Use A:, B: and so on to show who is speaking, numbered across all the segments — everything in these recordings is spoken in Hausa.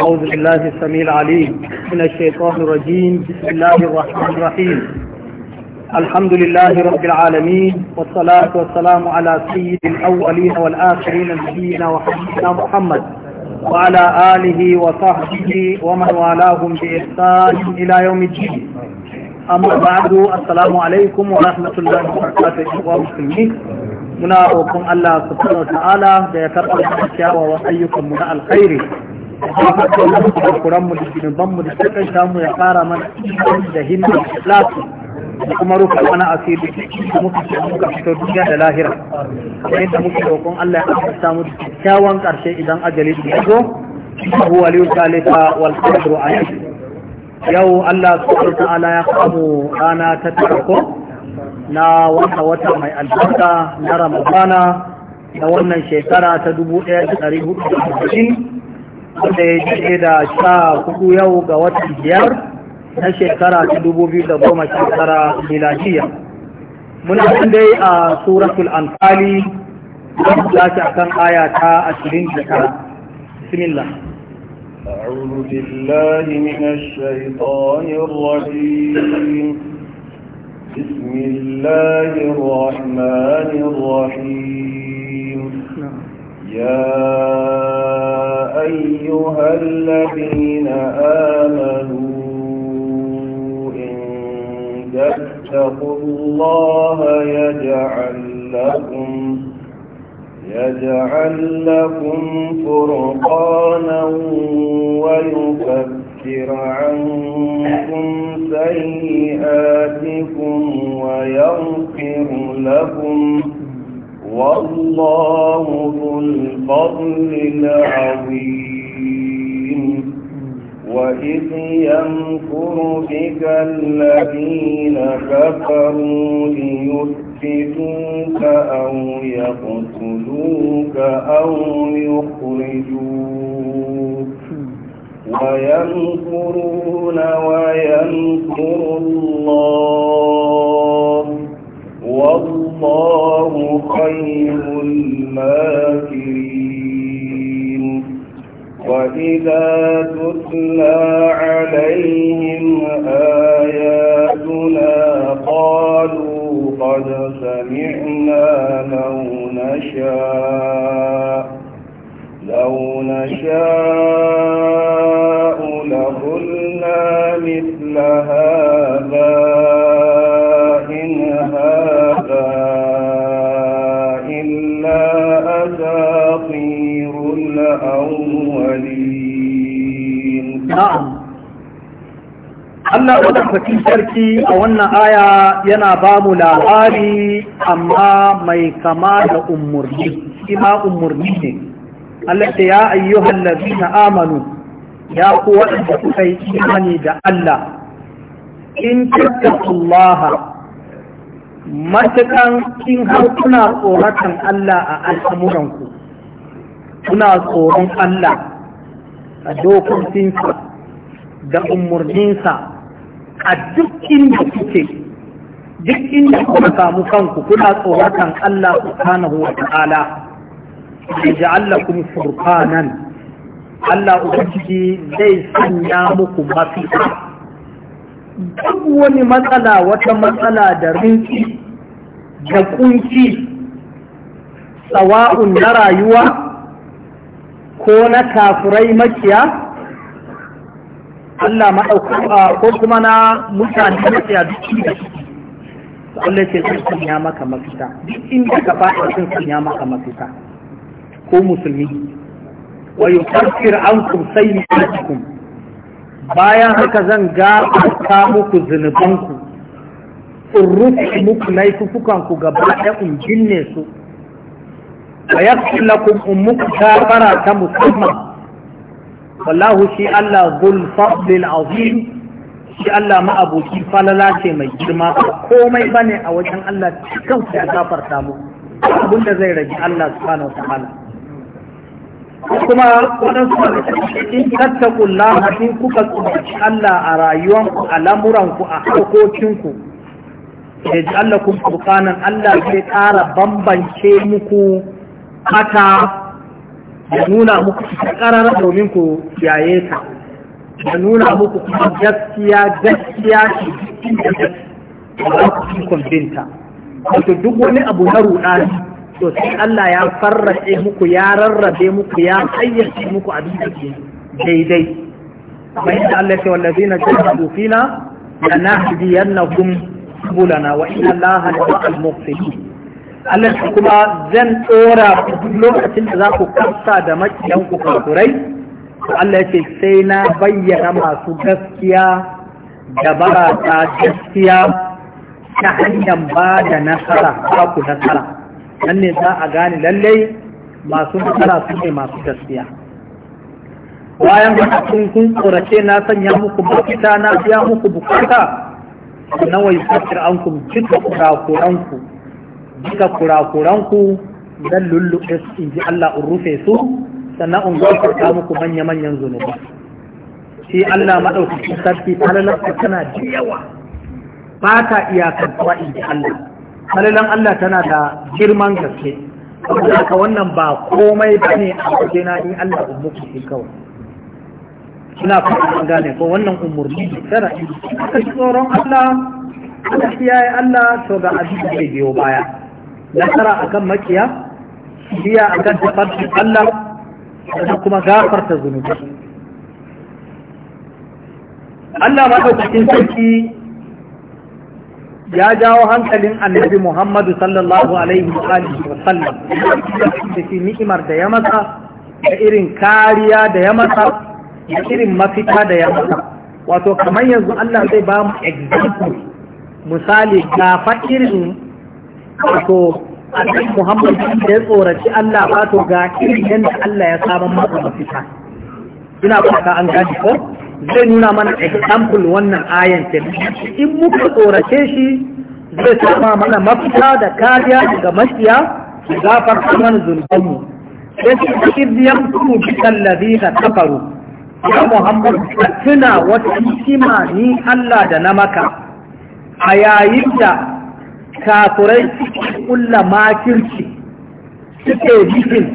A: أعوذ
B: بالله السميع العليم من الشيطان الرجيم بسم الله الرحمن الرحيم الحمد لله رب العالمين والصلاة والسلام على سيد الأولين والآخرين نبينا وحبيبنا محمد وعلى آله وصحبه ومن والاهم بإحسان إلى يوم الدين أما بعد السلام عليكم ورحمة الله وبركاته ومسلمين muna roƙon Allah subhanahu ta'ala da ya karɓa wa ayyukan mu na alkhairi kuran mu da gidan mu da cikin shamu ya fara mana da himma lafi da kuma rufe mana asiri da muka ce muka fito duniya da lahira kamar yadda muke roƙon Allah ya karɓa mu da kyawawan ƙarshe idan ajali ya zo huwa liyu talita wal qadru alayhi yau Allah subhanahu ta'ala ya kamu rana ta tarko na wata wata mai albarka na ramadana da wannan shekara ta 1440 wanda ya jike da sha kudu yau ga watan biyar na shekara ta shekara miladiya muna kan dai a suratul anfali don tashi akan aya ta 29 similla
A: أعوذ بالله من الشيطان الرجيم بسم الله الرحمن الرحيم نعم. يا أيها الذين آمنوا إن تتقوا الله يجعل لكم يجعل لكم فرقانا ويكفر يكفر عنكم سيئاتكم ويغفر لكم والله ذو الفضل العظيم وإذ يمكر بك الذين كفروا ليثبتوك أو يقتلوك أو يخرجوك ويمكرون ويمكر الله والله خير الماكرين وإذا تتلى عليهم آياتنا قالوا قد سمعنا لو نشاء لو نشاء قلنا مثل هذا إن هذا إلا أساطير
B: الأولين نعم Allah wadatakin sarki a wannan aya yana ba mu labari amma mai kama da umurni, ima umurni ne. Allah ta ya ayyuhan lazina amanu ya ku waɗanda kuka yi imani da Allah in tattakullaha matukan in har kuna tsoratan Allah a al'amuranku kuna tsoron Allah a dokokinsa da umarninsa a duk inda kuke duk inda kuka samu kanku kuna tsoratan Allah su subhanahu wa ta'ala ya ja'allakum furqanan Allah Ubangiji zai sanya muku mafita. Duk wani matsala wata matsala da rinki da kunci, tsawa'un na rayuwa ko na kafurai makiya, Allah maɗauka ko kuma na mutane makiya duk da Allah ce sun sanya maka mafita, duk inda ka faɗa sun sanya maka mafita, ko musulmi. wa yukaffir ankum sayyi'atikum bayan haka zan gafarta muku zunubanku in rufe muku yi gaba ɗaya in jinne su wa yaghfir lakum ummuku gafara ta musamman wallahu shi Allah dhul fadlil azim shi Allah ma'aboki falala ce mai girma komai bane a wajen Allah cikin ya gafarta mu abinda zai rage Allah subhanahu wa ta'ala kuma waɗansu daga in tattakullaha in kuka tsoraci Allah a rayuwanku a lamuranku a harkokinku da ji Allah kun furkanan Allah zai ƙara bambance muku haka da nuna muku ƙarar domin ku yaye ta da nuna muku kuma gaskiya gaskiya ce da gaskiya
A: da ku
B: binta wato duk wani abu na ruɗani to sai Allah ya farrace muku ya rarrabe muku ya hayyace muku abin da ke daidai kamar yadda Allah ya ce wallazina jahadu fina lanahdiyannahum subulana wa inna Allaha la'al muqsitin Allah shi kuma zan tsora duk lokacin da za ku kasa da makiyan ku kafurai to Allah ya ce sai na bayyana masu gaskiya da barata gaskiya ta hanyar ba da nasara ba ku nasara nan ne za a gane lallai masu matsala su ne masu gaskiya bayan a kun kun tsorace na sanya muku bukata na biya muku bukata na wai fakir an ku duka kurakuranku duka kurakuranku zan lulluɓe su in ji Allah in rufe su sannan in gafarta muku manya-manyan zunubi shi Allah maɗaukacin sarki ta lalata tana da yawa ba ta iyakar kuwa in ji Allah falalan Allah tana da girman gaske haka wannan ba komai ba ne a waje na in Allah umurku shi kawai ina fatan gane ko wannan umurni tana aka ji tsoron Allah aka yi Allah to ga abin da biyo baya nasara akan makiya biya akan tabbacin Allah da kuma gafarta zunubi Allah ma maɗaukakin sarki ya jawo hankalin annabi Muhammadu sallallahu alaihi wa sallam da shi ni'imar da ya masa da irin kariya da ya masa da irin mafita da ya masa wato kamar yanzu Allah zai ba mu example misali ga fa wato annabi Muhammadu da ya tsoraci Allah wato ga irin yadda Allah ya samu masa mafita ina fata an gaji ko zai nuna mana example wannan ayan ce in muka tsorace shi
A: zai sama
B: mana mafita da kariya daga makiya gafar mana zunubanmu sai su kirdiyan kuma bisan ladina kafaru ya muhammad tuna wata hikima ni allah da na maka a yayin da kafurai suke kulla makirci suke bikin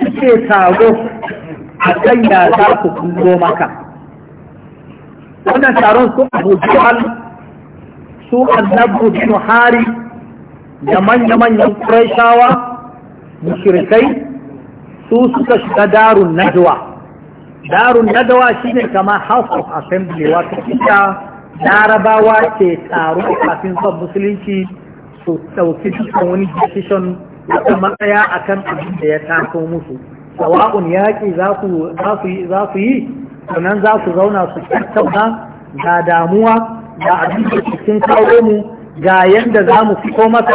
B: suke taro a kan ya za ku kullo maka wannan taron su abu juhal su annabu bin hari da manya-manyan kurashawa mushrikai su suka shiga darun najwa darun najwa shine kama house of assembly wato ita larabawa ke taro kafin son musulunci su ɗauki dukkan wani decision da matsaya akan abin da ya taso musu sawa'un yaƙi za su yi sannan za su zauna su kyakkyauta ga damuwa ga abin da cikin kawo mu ga yadda za mu fito masa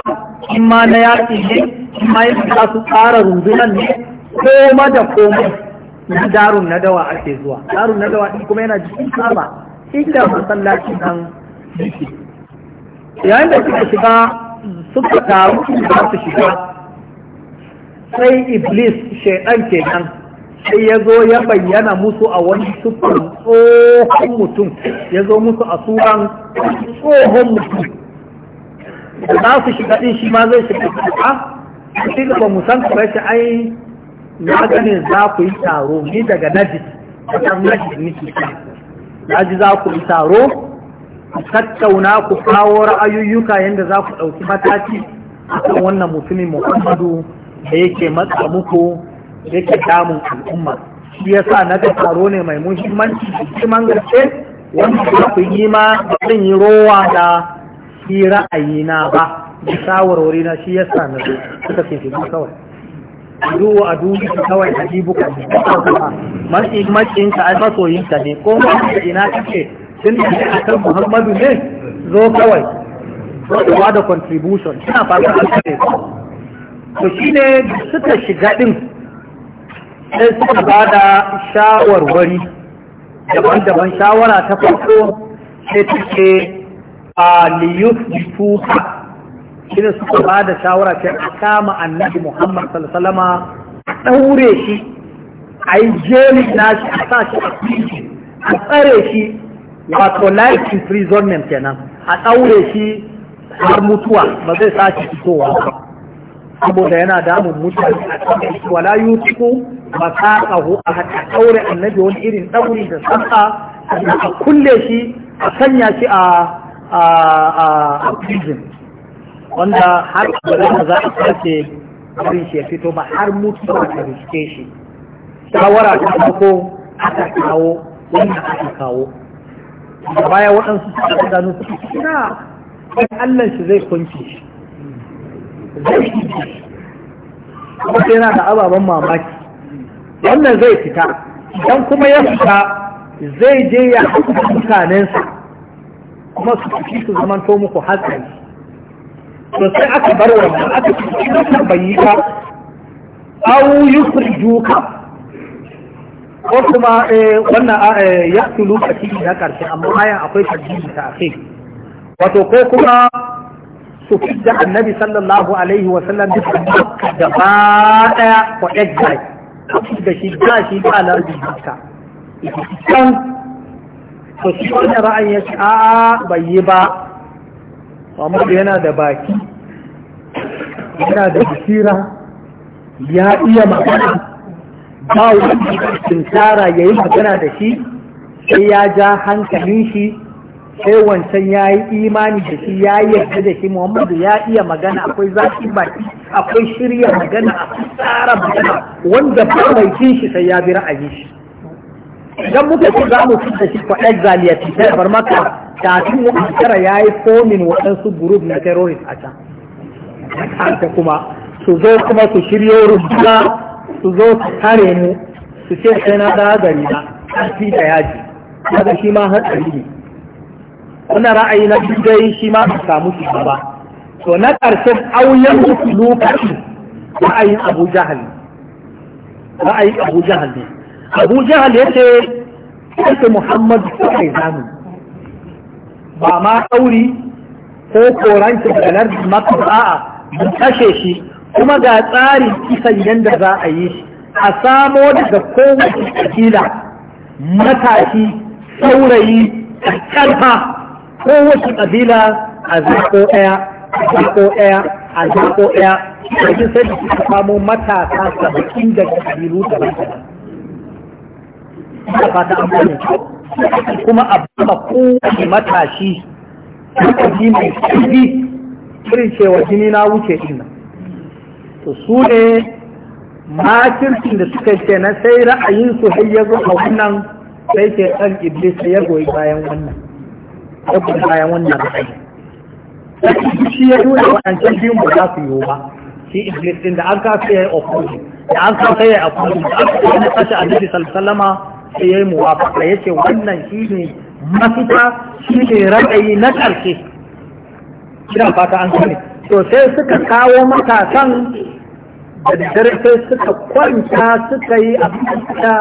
B: in ma na yaƙi ne in ma yadda za su tsara rundunan ne koma da komai na darun na dawa ake zuwa darun na dawa kuma yana jikin kama inda masallaci nan yake
A: yayin da suka shiga
B: suka taru da su shiga sai iblis shaidan kenan sai ya zo ya bayyana musu a wani sufan tsohon mutum ya zo musu a suran tsohon mutum da za su shiga ɗin shi ma zai shiga a shi ba mu san kuma shi ai
A: na ganin
B: za ku yi taro ni daga najis kan najis niki na ji za ku yi taro ku tattauna ku kawo ra'ayoyuka yadda za ku ɗauki mataki a kan wannan mutumin muhammadu da yake matsa muku yake damun al'umma shi ya sa na ga taro ne mai muhimmanci man gaske wanda ya ku yi ma zan yi rowa da shi ra'ayi na ba da shawarwari na shi sa na zo suka ce shigo kawai duwa a duniya kawai a jibuka ne mafi macinka ai masoyinka ne ko mafi ina kake tun da a kan muhammadu ne zo kawai zo da contribution suna fata a kare to shi ne suka shiga din sai suka ba da shawarwari daban-daban shawara ta farko sai take a liyus shi ne suka ba da shawara ta a kama annabi muhammad a ɗaure shi a yi jeli na shi a sa shi a fiji a tsare shi wato life imprisonment kenan a ɗaure shi har mutuwa ba zai shi fitowa ba saboda yana damun mutuwa a cikin wala yutuku ba saƙahu a haka ɗaure annabi wani irin ɗauri da sassa a kulle shi a sanya shi a prison wanda har abada za a sake abin shi ya fito ba har mutu ba ta riske shi shawara ta farko aka kawo wanda aka kawo da baya waɗansu suka gano suka kira ɗan Allah shi zai kunce shi zai kunce shi kuma yana da ababen mamaki wannan zai fita idan kuma ya fita zai je ya haɗa mutanensa kuma su fi su zaman to muku hatsari to sai aka bar wannan aka ci ka bayi ka su yukrijuka ko kuma eh, wannan eh, ya su a cikin na karshe amma ayan akwai tabbini ta akai wato ko kuma su fidda annabi sallallahu alaihi wa sallam duk da ba daya ko exile da shi ba shi ba lardi haka kan to shi wani ra'ayin ya ce a'a bai yi ba amma yana da baki yana da basira ya iya magana ba wani tsara ya yi magana da shi sai ya ja hankalin shi sai wancan ya yi imani da shi ya yi yadda da shi muhammadu ya iya magana akwai zafi baki akwai shirya magana akwai tsara magana wanda ba mai jin shi sai ya bi ra'ayi shi idan muka ce za mu fita shi for exality sai bar maka kafin mu ankara ya yi fomin waɗansu group na terrorist a can ta kuma su zo kuma su shiryo rubuta su zo su kare mu su ce sai na dagari gari na fi da yaji kaga shi ma hatsari ne wannan ra'ayi na dai shi ma ba samu shi ba to na ƙarshen auyen lokaci ra'ayin abu jahal ra'ayin abu jahal ne abu jahal ya ce ƙarfe muhammadu suka yi zamu ba ma ɗauri ko koran ganar maka a'a mun kashe shi kuma ga tsari kisan yadda za a yi shi a samo daga kowace kabila matashi saurayi da kowace ƙabila a zaƙo ɗaya a ɗaya a zaƙo ɗaya yanzu sai da suka samo matasa saba'in da ƙabilu da ba da fata an kuma a ba kowane matashi suka ji mai ƙarfi irin cewa jini na wuce ina to su ne makircin da suka ce na sai ra'ayinsu har ya zo a wannan sai ke ɗan iblis ya goyi bayan wannan ɗaukar bayan wannan ra'ayi shi ya nuna waɗancan biyun ba za su yiwu ba shi iblis ɗin da an kasa ya yi ofoji da an kasa ya yi ofoji da aka kai na kashe annabi sallama sai ya yi muwafaka ya ce wannan shi ne mafita shi ne ra'ayi na ƙarshe ina fata an sani to sai suka kawo matasan da dare sai suka kwanta suka yi abin da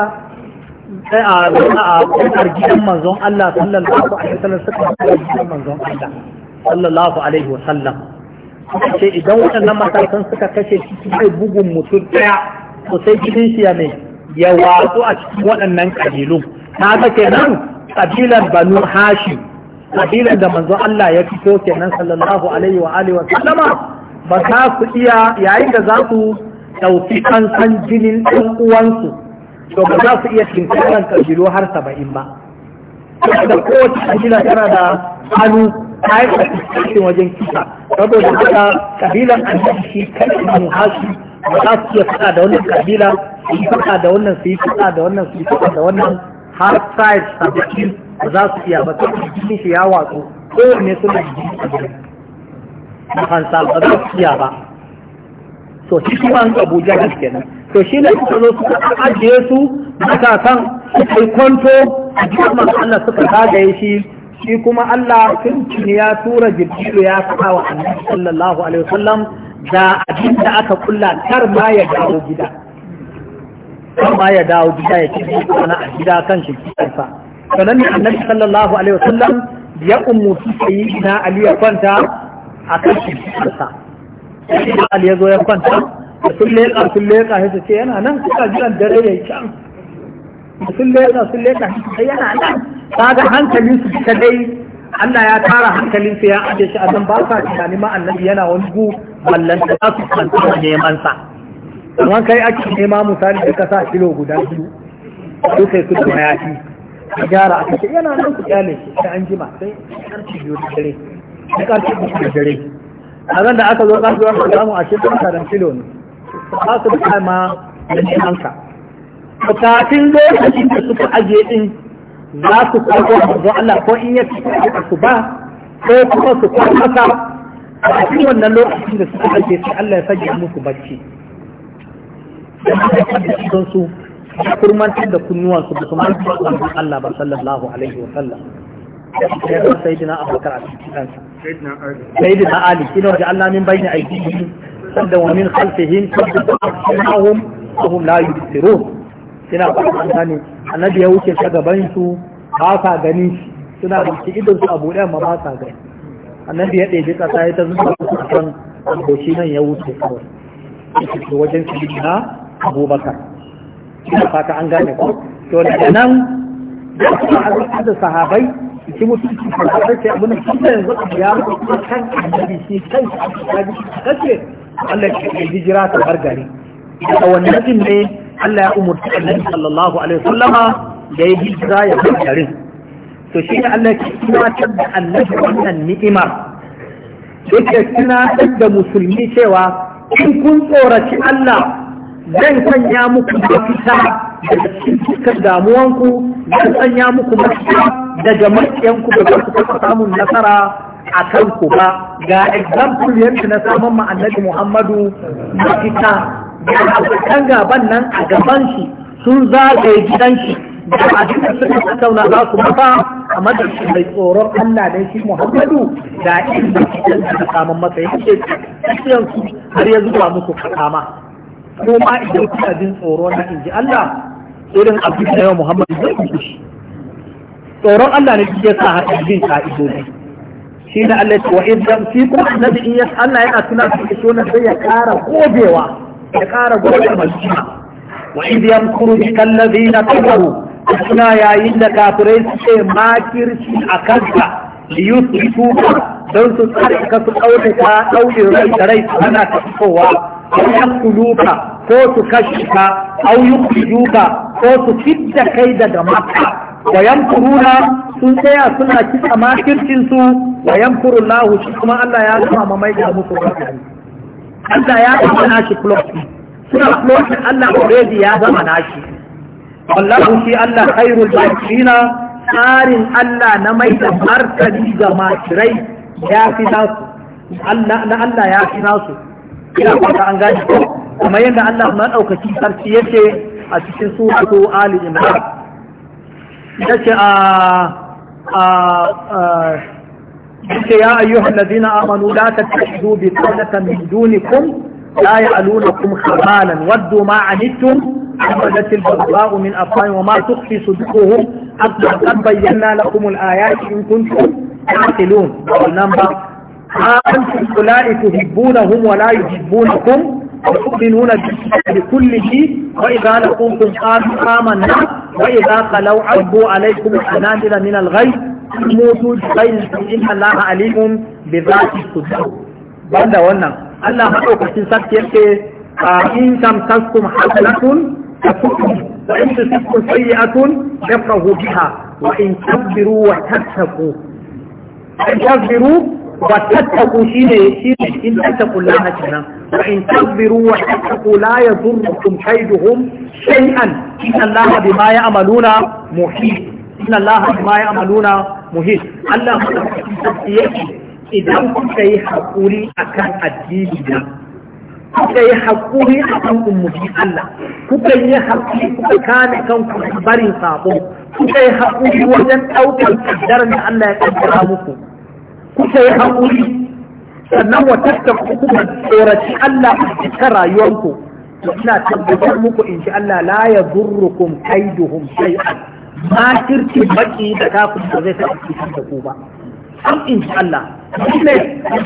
B: sai a a gidan manzon Allah sallallahu alaihi wasallam suka kofar gidan manzon Allah sallallahu alaihi wasallam
A: sai idan waɗannan matakan
B: suka kashe shi sai bugun mutum ɗaya to sai gidan shi ya ne ya watsu a cikin waɗannan kabilu ta ga kenan kabilar banu hashim kabilar da manzon Allah ya fito kenan sallallahu alaihi wa alihi wa ba za su iya yayin da za su ɗauki kansan jinin ɗan uwansu to ba za su iya tinkaran kabilu har saba'in ba da kowace kabila tana da hannu ta yi cikin wajen kisa saboda haka kabilan annabi shi kai muhashi ba za su iya faɗa da wannan kabila su yi faɗa da wannan su yi faɗa da wannan su yi faɗa da wannan har sai saba'in ba za su iya ba sai jikin shi ya watsu kowanne suna jikin kabila. Mahansa ba za su iya ba. to shi kuma an abu jahil kenan to shi ne suka zo suka ajiye su matasan suka yi kwanto a cikin Allah suka zagaye shi shi kuma Allah tun ya tura jibrilu ya faɗa wa annabi sallallahu alaihi wasallam da abin da aka kulla kar ma ya dawo gida kar ma ya dawo gida ya ci wani a gida kan shi kisansa sanan ne annabi sallallahu alaihi wasallam ya ummu sayyidina ali ya kwanta a kan shi kisansa sai da al ya zo ya kwanta da sun leƙa sun leƙa sai ce yana nan suka jiran dare ya yi can sun leƙa sun leƙa sai yana nan kaga hankalin su ta dai Allah ya tara hankalin su ya aje shi a nan ba sa tunani ma annabi yana wani gu ballan da za su kanta neman sa amma kai ake nema misali da ka sa kilo guda biyu su sai su kuma yafi a gyara a kashe yana nan ku kyale shi sai an jima sai karfi biyu da dare sai karfi biyu da dare a ran da aka zo za su zama a cikin karan kilo ne ba su da ma da nemanka to kafin lokacin da suka ajiye ɗin za su kwaso a zuwa Allah ko in ya fi su ba ko kuma su kwasa a cikin wannan lokacin da suka ajiye sai Allah ya fage muku bacci don su kurmantar da kunnuwansu da kuma Allah ba sallallahu alaihi wa sallam سيدنا أبو بكر
A: سيدنا علي
B: إن وجعلنا من بين أيديهم سدا ومن خلفهم سدا وأسمعهم وهم لا يبصرون suna faɗin sani annabi ya wuce ta gaban su ba sa gani suna rufe idon su abu ɗaya ma ba sa gani annabi ya ɗebi ƙasa ya ta zuba su a kan aboki nan ya wuce kawai da wajen na abubakar fata an gane to da sahabai cikin mutunci farfadar sai abin da yanzu ya kuma kan annabi shi kan annabi kace Allah ya hijira ta har gari da wannan din ne Allah ya umurta annabi sallallahu alaihi wasallama da ya hijira ya bar garin to shi ne Allah ya tunatar da annabi wannan ni'imar yake tunatar da musulmi cewa in kun tsoraci Allah zan sanya muku mafita daga cikin damuwanku zan sanya muku mafita daga maƙiyanku da za su taɓa samun nasara a kanku ba ga example yanzu na saman ma Muhammadu mafita da abokan gaban nan a gaban shi sun zagaye gidan shi da a cikin suka tattauna za su mafa a madadin mai tsoron Allah da shi Muhammadu da inda da samun masa yake har yanzu ba muku kama ko ma idan kuna jin tsoro na inji Allah irin abin da yawa Muhammad zai yi shi tsoron Allah ne ya sa haka jin ka'idoji shi ne Allah ya ce wa idan fi na annabi in ya Allah yana tuna su da shonan sai ya ƙara gobewa ya ƙara gobewa majina wa idan yamkuru na ladina kafaru suna yayin da kafirai suke makirci a kanka liyus su don su tsare ka su ɗaure ka ɗaure rai da rai ana tafowa aw yaqtuluka ko su kashe ka aw yukhrijuka ko su fidda kai daga makka wayamkuruna sun tsaya suna kitsa makircin su wayamkuru Allah shi kuma Allah ya kama mamai da musu wakari Allah ya kama nashi floki suna floki Allah already ya zama nashi wallahu shi Allah khairul bakirina tsarin Allah na mai da martani ga masirai ya fi nasu Allah ya fi nasu ina fata an gane kuma yadda Allah madaukaki sarki yake a cikin suratu Ali Imran yace a a yace ya ayyuhal ladina amanu la tattakhidhu bi qawlatan min dunikum la ya'lunukum khabalan waddu ma anittum أخرجت البغضاء من أفواههم وما تخفي صدورهم أكبر قد بينا لكم الآيات إن كنتم تعقلون والنمبر ها أنتم أولئك تحبونهم ولا يحبونكم وتؤمنون بكل شيء وإذا لقوكم قالوا آمنا وإذا خلوا عبوا عليكم الأنامل من الغيب موتوا بغيظكم إن الله عليم بذات الصدور بعد ونم الله مدوكتين سكت يلقي إن تمسسكم حسنة تكون وإن تصبكم سيئة يفرغوا بها وإن تصبروا وتتقوا إن تصبروا وتتقوا شيء شيء إن تتقوا الله كنا وإن تصبروا وتتقوا لا يضركم Inna شيئا إن الله بما يعملون محيط إن الله بما يعملون محيط الله idan kuka yi haƙuri akan addini na kuka yi haƙuri a kan Allah kuka yi haƙuri kuka kame kanku barin sabo kuka yi haƙuri wajen ɗaukar kaddarar da Allah ya ƙaddara muku kuka yi haƙuri sannan wa tattaku kuma tsoraci Allah a cikin rayuwarku to ina tabbatar muku in Allah la ya durrukum kaiduhum shay'an ma kirki baki da kafin ba zai taɓa cikin da ku ba an in shi Allah ne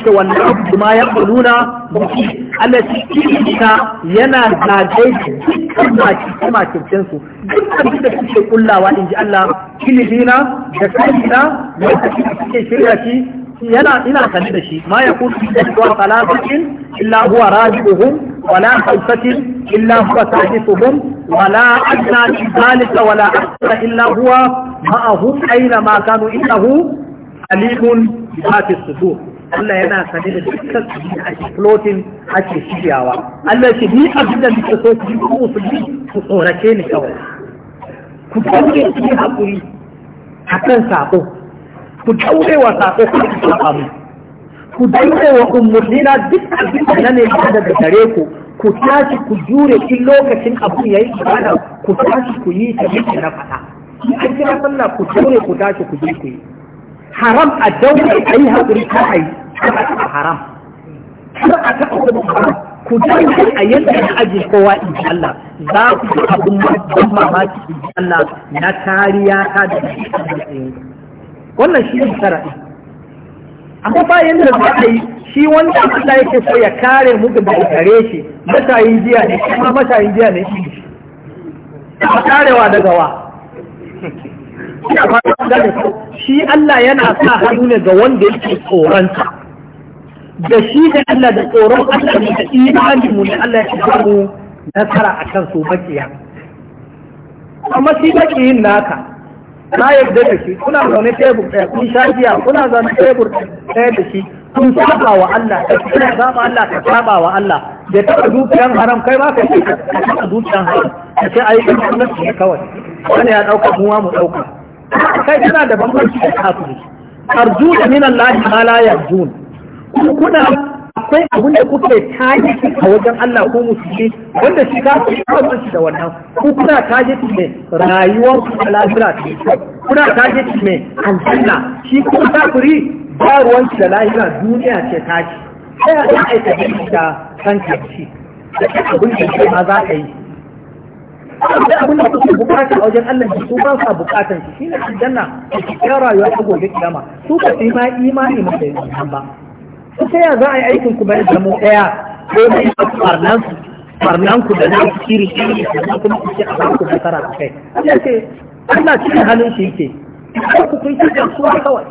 B: da wannan kuma ya nuna biki Allah shi ka yana zagaye dukkan maki kuma kirkin su dukkan da suke kullawa in ji Allah kilibina da kaina wanda suke shirya shi yana ina sani da shi ma yakunu min najwa thalathatin illa huwa raji'uhum wala khamsatin illa huwa sahibuhum wala adna min dhalika wala akthara illa huwa ma'ahum aina ma kanu innahu alimun bi sudur Allah yana sani da dukkan abin da ake floating ake shiryawa Allah shi ni abin da nake so ku ku musulmi ku tsorace ni kawai ku tsorace ni hakuri akan sako ku daure wa sako ku saba faru ku daure wa ummurnina duk abin da na ba daga gare ku ku tashi ku jure shi lokacin abu ya yi ibada ku tashi ku yi ta yadda na fata, an kira sallah ku jure ku tashi ku je ku yi haram a daure a yi haƙuri ta a yi haram har a taɓa kuma haram ku daure a yadda ya aji kowa in ji Allah za ku ji abin ban mamaki in ji Allah na kariya ta da shi wannan shi ne shara'i amma bayan da za a yi shi wanda Allah yake so ya kare mu da kare shi yi jiya ne kuma yi jiya ne shi a karewa daga wa shi Allah yana sa hannu ne ga wanda yake tsoronsa da shi da Allah da tsoron Allah ne da imani mu ne Allah ya shiga mu nasara akan su bakiya amma shi bakiyin naka na yarda da shi kuna zaune tebur ɗaya kun sha biya, kuna zaune tebur ɗaya da shi kun saba wa Allah ka kira saba Allah ka saba wa Allah da taɓa dukiyan haram kai ba ka ce ka taɓa dukiyan haram ka ce ai kan gwamnati ne kawai wani ya ɗauka mu mu ɗauka kai tana da bambanci da kafiri arjuna min Allah ma la yarjun kuna akwai abin da kuka da taje a wajen Allah ko musulmi wanda shi ka fi kawo shi da wannan ku kuna taje shi ne rayuwar ku a lafiya ta kuna taje shi ne aljanna shi kuma kuri ba ruwan shi da lafiya duniya ce ta sai a za a yi tafiya da kanka shi da abin da shi ma za ka yi da abin da kuke bukata a wajen Allah ne su ba sa bukatan shi shine aljanna ki kira rayuwa ta gobe kiyama su ka sai ma imani ma da ba ta ya za a yi aikin ku bai zamo ɗaya ko mai farnan farnan ku da nan kiri kiri da kuma ku ce a ba ku nasara a kai Allah ce Allah cikin halin shi yake ko ku kun ci da su kawai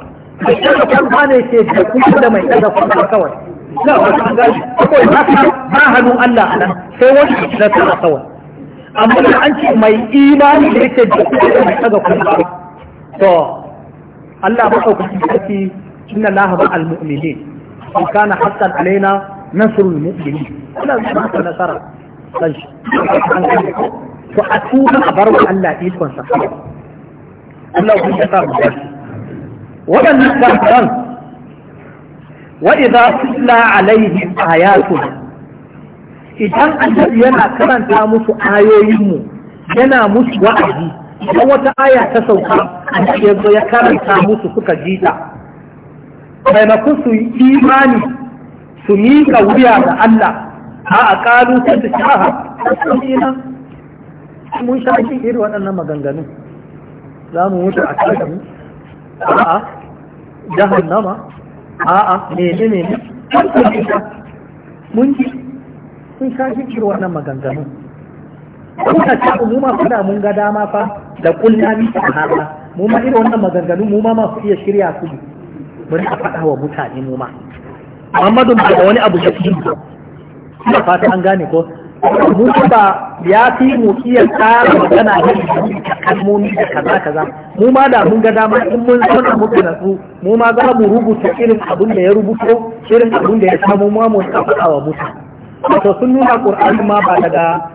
B: da kuma kuma ne ce da kuma da mai da kuma kawai na ba ta gani ko ba ba hannun Allah a anan sai wani da ta kawai amma da an ce mai imani da yake da kuma da mai daga kuma to Allah ba ɗaukaki sarki inna Allah ba al-mu'minin wa kana haqqan alaina nasrul mu'minin ina zuwa ka nasara kan shi to a tuba a bar wa Allah ikon sa Allah idan yana karanta musu ayoyinmu yana musu wa'azi idan wata aya ta sauka annabi ya ya karanta musu suka ji ku su yi imani su ga wuya ga Allah a a ƙalu sai su shaha mun sha shi irin waɗannan maganganun za mu mutu a kashe mu a'a jahannama a'a mene mene mun ji sun sha shi irin waɗannan maganganun kuna ce mu ma kuna mun ga dama fa da kullami ta haka mu ma irin wannan maganganun mu ma masu iya shirya su bari a faɗa wa mutane mu ma
A: Muhammadu ba da wani abu ya fi
B: ina fata an gane ko mu ba ya fi mu iya tsara magana ne da kalmomi da kaza kaza mu ma da mun ga dama in mun mu da su, mu ma za mu rubuta irin abun da ya rubuto irin abun da ya samu mu ma mu faɗa wa mutane to sun nuna qur'ani ma ba daga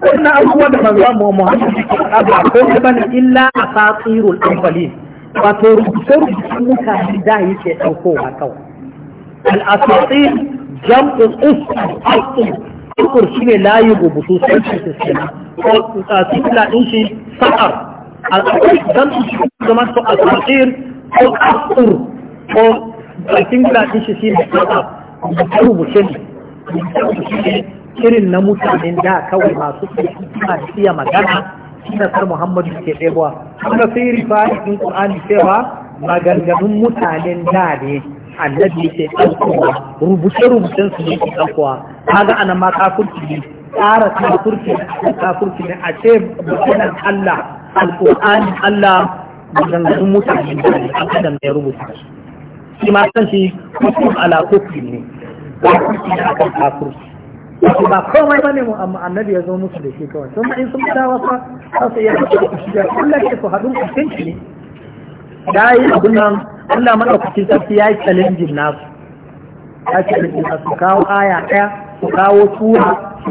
B: wannan abubuwa da manzo mu Muhammad abu ko kaban illa asatirul awwalin wato rubuce-rubucen mutane da yake ɗaukowa kawai al-asatir jam'un usur shi ne layi rubutu sai su ko sila ɗin shi sa'ar al-asatir jam'un shi zama su asatir ko asur ko ɗin shi shi ne sa'ar ne irin na mutanen da kawai masu kuma iya magana na sar Muhammadu ke ɗebowa kuma sai rifa cikin Qur'ani cewa maganganun mutanen da ne annabi ke ɗaukowa rubuce-rubucen su ne ke ɗaukowa kaga ana ma kafurci ne ƙara kafurci ne kafurci ne a ce mutanen Allah al alƙur'ani Allah maganganun mutanen da ne an adam ya rubuta shi ma san shi kusur ala kufri ne ba kufri ne akan kafurci wato ba komai bane mu amma annabi ya zo musu da shi kawai sun in sun fita wasa za su iya fita da ke su haɗu shi da yi abin nan Allah sarki ya yi nasu ya kawo aya ɗaya su kawo tura su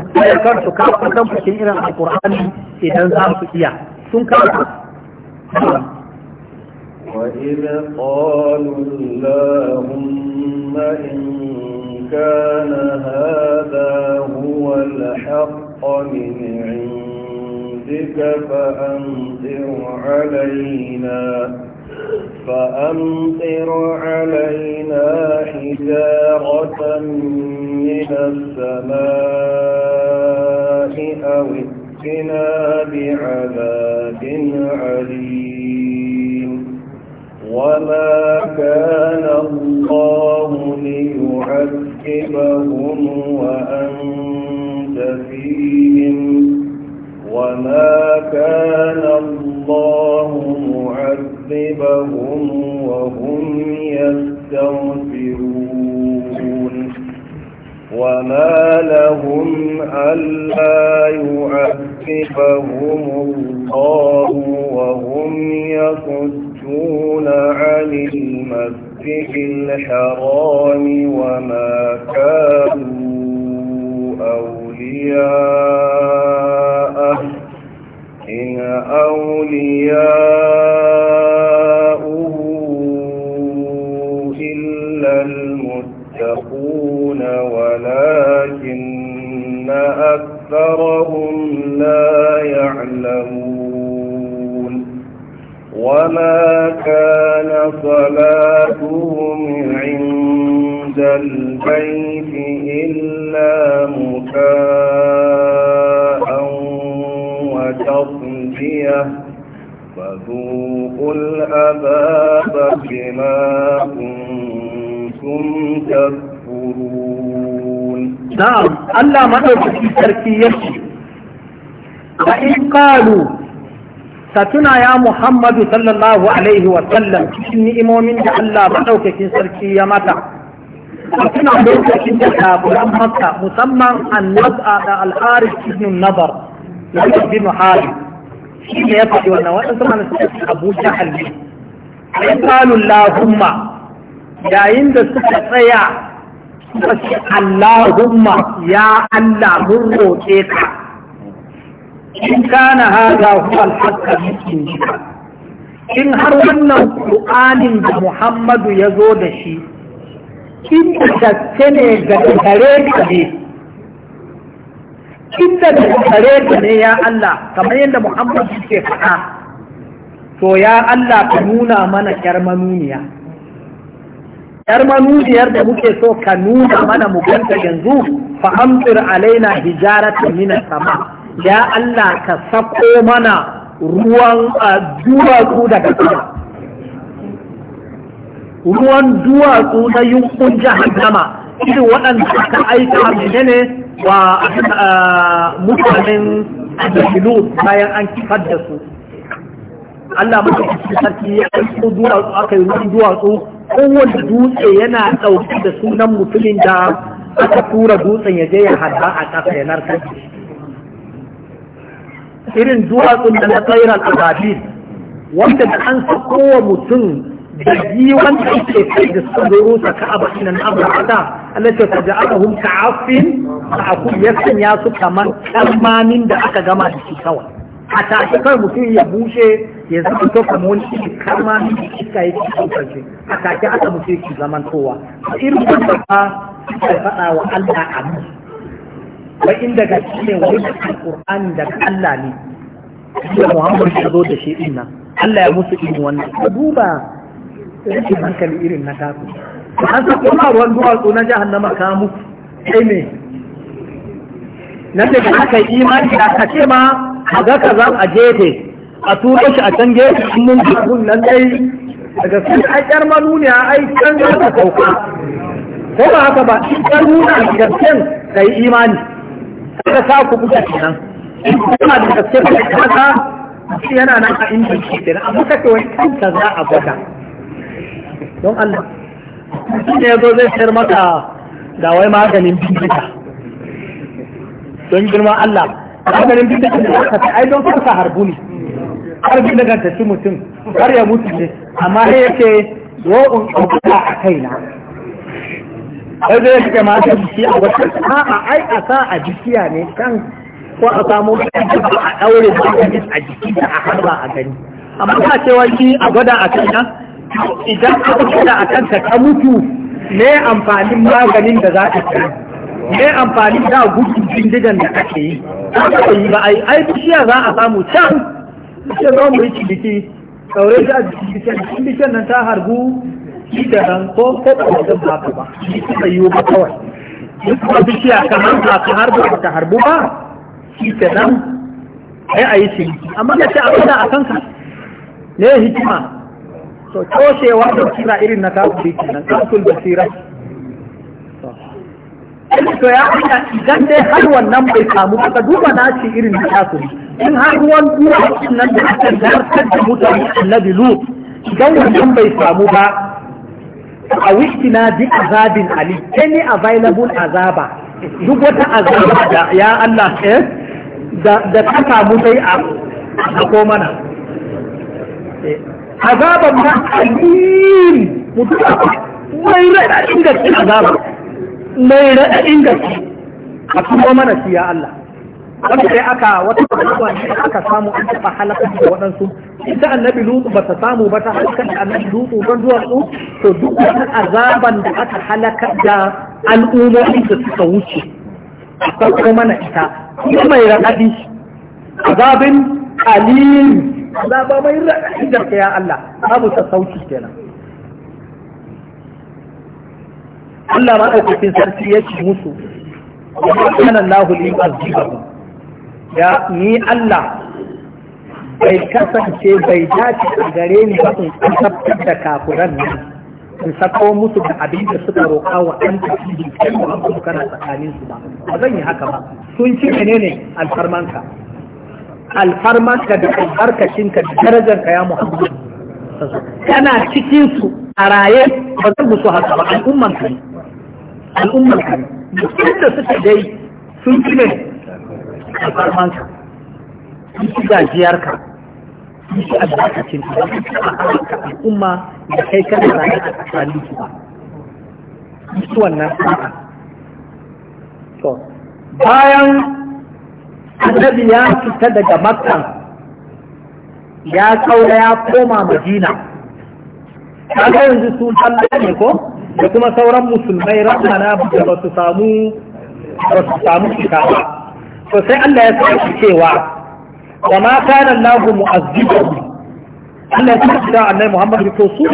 B: su kawo irin alqur'ani idan za su iya sun kawo
A: قالوا اللهم إن كان هذا هو الحق من عندك فأمطر علينا فأمطر علينا حجارة من السماء أو اتنا بعذاب عليم وما كان الله ليعذب تعذبهم وأنت فيهم وما كان الله معذبهم وهم يستغفرون وما لهم ألا يعذبهم الله وهم يصدون عن المسجد المسجد الحرام وما كانوا أولياءه إن أولياؤه إلا المتقون ولكن أكثرهم لا يعلمون وما كان صلاتهم عند البيت إلا مكاء وتصديه فذوقوا الأباب بما كنتم تكفرون
B: نعم ألا مدعو في
A: تركيته
B: فإن قالوا ka tuna ya Muhammadu sallallahu alaihi wa sallam cikin ni'imomin da Allah maɗaukakin sarki ya mata ka tuna lokacin da kafiran Makka musamman annab'a da al-Harith ibn Nadar ya bin Harith shi ne ya faɗi wannan waɗansu mana suka ce Abu Jahal ne ai qalu Allahumma yayin da suka tsaya suka ce Allahumma ya Allah mun roƙe ka in kana haza huwa haka haqqa min in har wannan ƙu'anin da Muhammadu ya zo da shi in gaske ne ga tare ka ne in da tare ka ne ya Allah kamar yadda Muhammadu ke faɗa to ya Allah ka nuna mana ƙyar manuniya yar manuniyar da muke so ka nuna mana mu ganta yanzu fa amtir alaina hijaratan min sama ya Allah ka sako mana ruwan duwatsu daga sama ruwan duwatsu na yunkun jahannama irin waɗanda aka aika ne wa mutanen jahilu bayan an kifar da su Allah mafi sarki ya aiko duwatsu aka yi ruwan duwatsu kowane dutse yana ɗauki da sunan mutumin da aka tura dutsen ya je ya hada a ƙasa ya narkar irin duwatsun da na tsairar ababil wanda da an sako wa mutum da yi wanda ake kai da suka zo rusa bakin ina na amurata Allah ce ka ja'ala hum ka'afin ka'akum ya sanya su kamar kalmamin da aka gama da shi kawai a tashi kawai mutum ya bushe ya zama to kamar wani shi kama da iska yake ɗaukar shi a ke aka mutum yake zaman kowa irin wanda ba ka faɗa wa Allah a wai inda ga shi ne wani Qur'ani daga Allah ne da Muhammad ya zo da shi din nan Allah ya musu irin wannan ka duba rashin hankali irin na kafin an sa kuma ruwan duwatsu na jahannama ka muku sai me nan da aka yi imani da ka ce ma a ga ka za a jefe a turo shi a can gefe in mun gabun nan dai daga sun aikar manuniya ai can za ka sauka ko ba haka ba in ka nuna gaskiyar ka yi imani ka ka ku buga kenan
A: kuma da gaske ba haka
B: shi yana nan a inda shi kenan amma ka ce wai za a gwada don Allah shi ne yazo zai sayar maka da wai maganin bincika don girma Allah maganin bincika da ka ta ai don farka harbuni. har bi daga ta ci mutum har ya mutu ne amma sai yake wo'un ɗauka a kaina sai zai rike ma ta biki a wata a'a ai a sa a jikiya ne kan ko a samu a daure maganin a jiki da a harba a gani amma ta cewa shi a gwada a kan nan idan aka gwada a kan ka mutu me amfanin maganin da za ka ci me amfanin da gudun bindigan da kake yi ba yi ba ai ai bishiya za a samu can bishiya za mu yi ciniki saurayi da a jikin nan ta harbu shi da nan ko ko ba zan ba ka ba shi suka yi ba kawai in kuma bishiya ka harba ka harba ka harbu ba shi da nan ai a yi shi amma ka ce abin da a kanka ne hikima to toshewa da kira irin na kafin kenan kafin basira to ya hanya idan dai har wannan bai samu ka duba na ce irin da ya in har ruwan duwa nan da aka zartar da mutane na bilu idan wannan bai samu ba a na bi azabin ali any available azaba duk wata azaba da ya Allah eh da ta samu sai a ko mana eh, azaban ma alim mutum mai raɗaɗin gaske azaba mai raɗaɗin gaske a kuma mana shi ya Allah wanda sai aka wata kasuwa ne aka samu an taɓa halakar da waɗansu ita annabi lutu ba ta samu ba ta halakar da annabi lutu don duwatsu to duk wani azaban da aka halakar da al'ummomi da suka wuce a farko mana ita kuma mai raɗaɗi azabin kalil azaba mai raɗaɗi da ya Allah babu ta sauki kenan Allah ma ɗaukakin sarki ya ci musu wa kana Allahu li ya ni Allah bai kasance bai dace a gare ni ba in kasabtar da kafuran nan in sako musu da abin da suka roƙa wa ɗan tafiye kai mu abu tsakanin su ba ba zan yi haka ba sun ci ne ne alfarmanka alfarmanka da albarkacinka da darajarka ya muhammadu kana cikin su a raye ba zan musu haka ba al'umman ka ne al'umman ka ne duk da suka dai sun ci ne alfarmanka sun ci gajiyarka sun ci albarkacin ka ba su a harka al'umma da kai kana rayu a tsakanin su ba su wannan sa'a to bayan annabi ya fita daga makkan ya kaura ya koma madina kaga yanzu sun Allah ne ko da kuma sauran musulmai rahmana ba su samu
A: ba su samu shiga ba
B: to sai Allah ya sa cewa wa ma kana Allahu mu'azzibahu Allah ya sa annabi Muhammad to su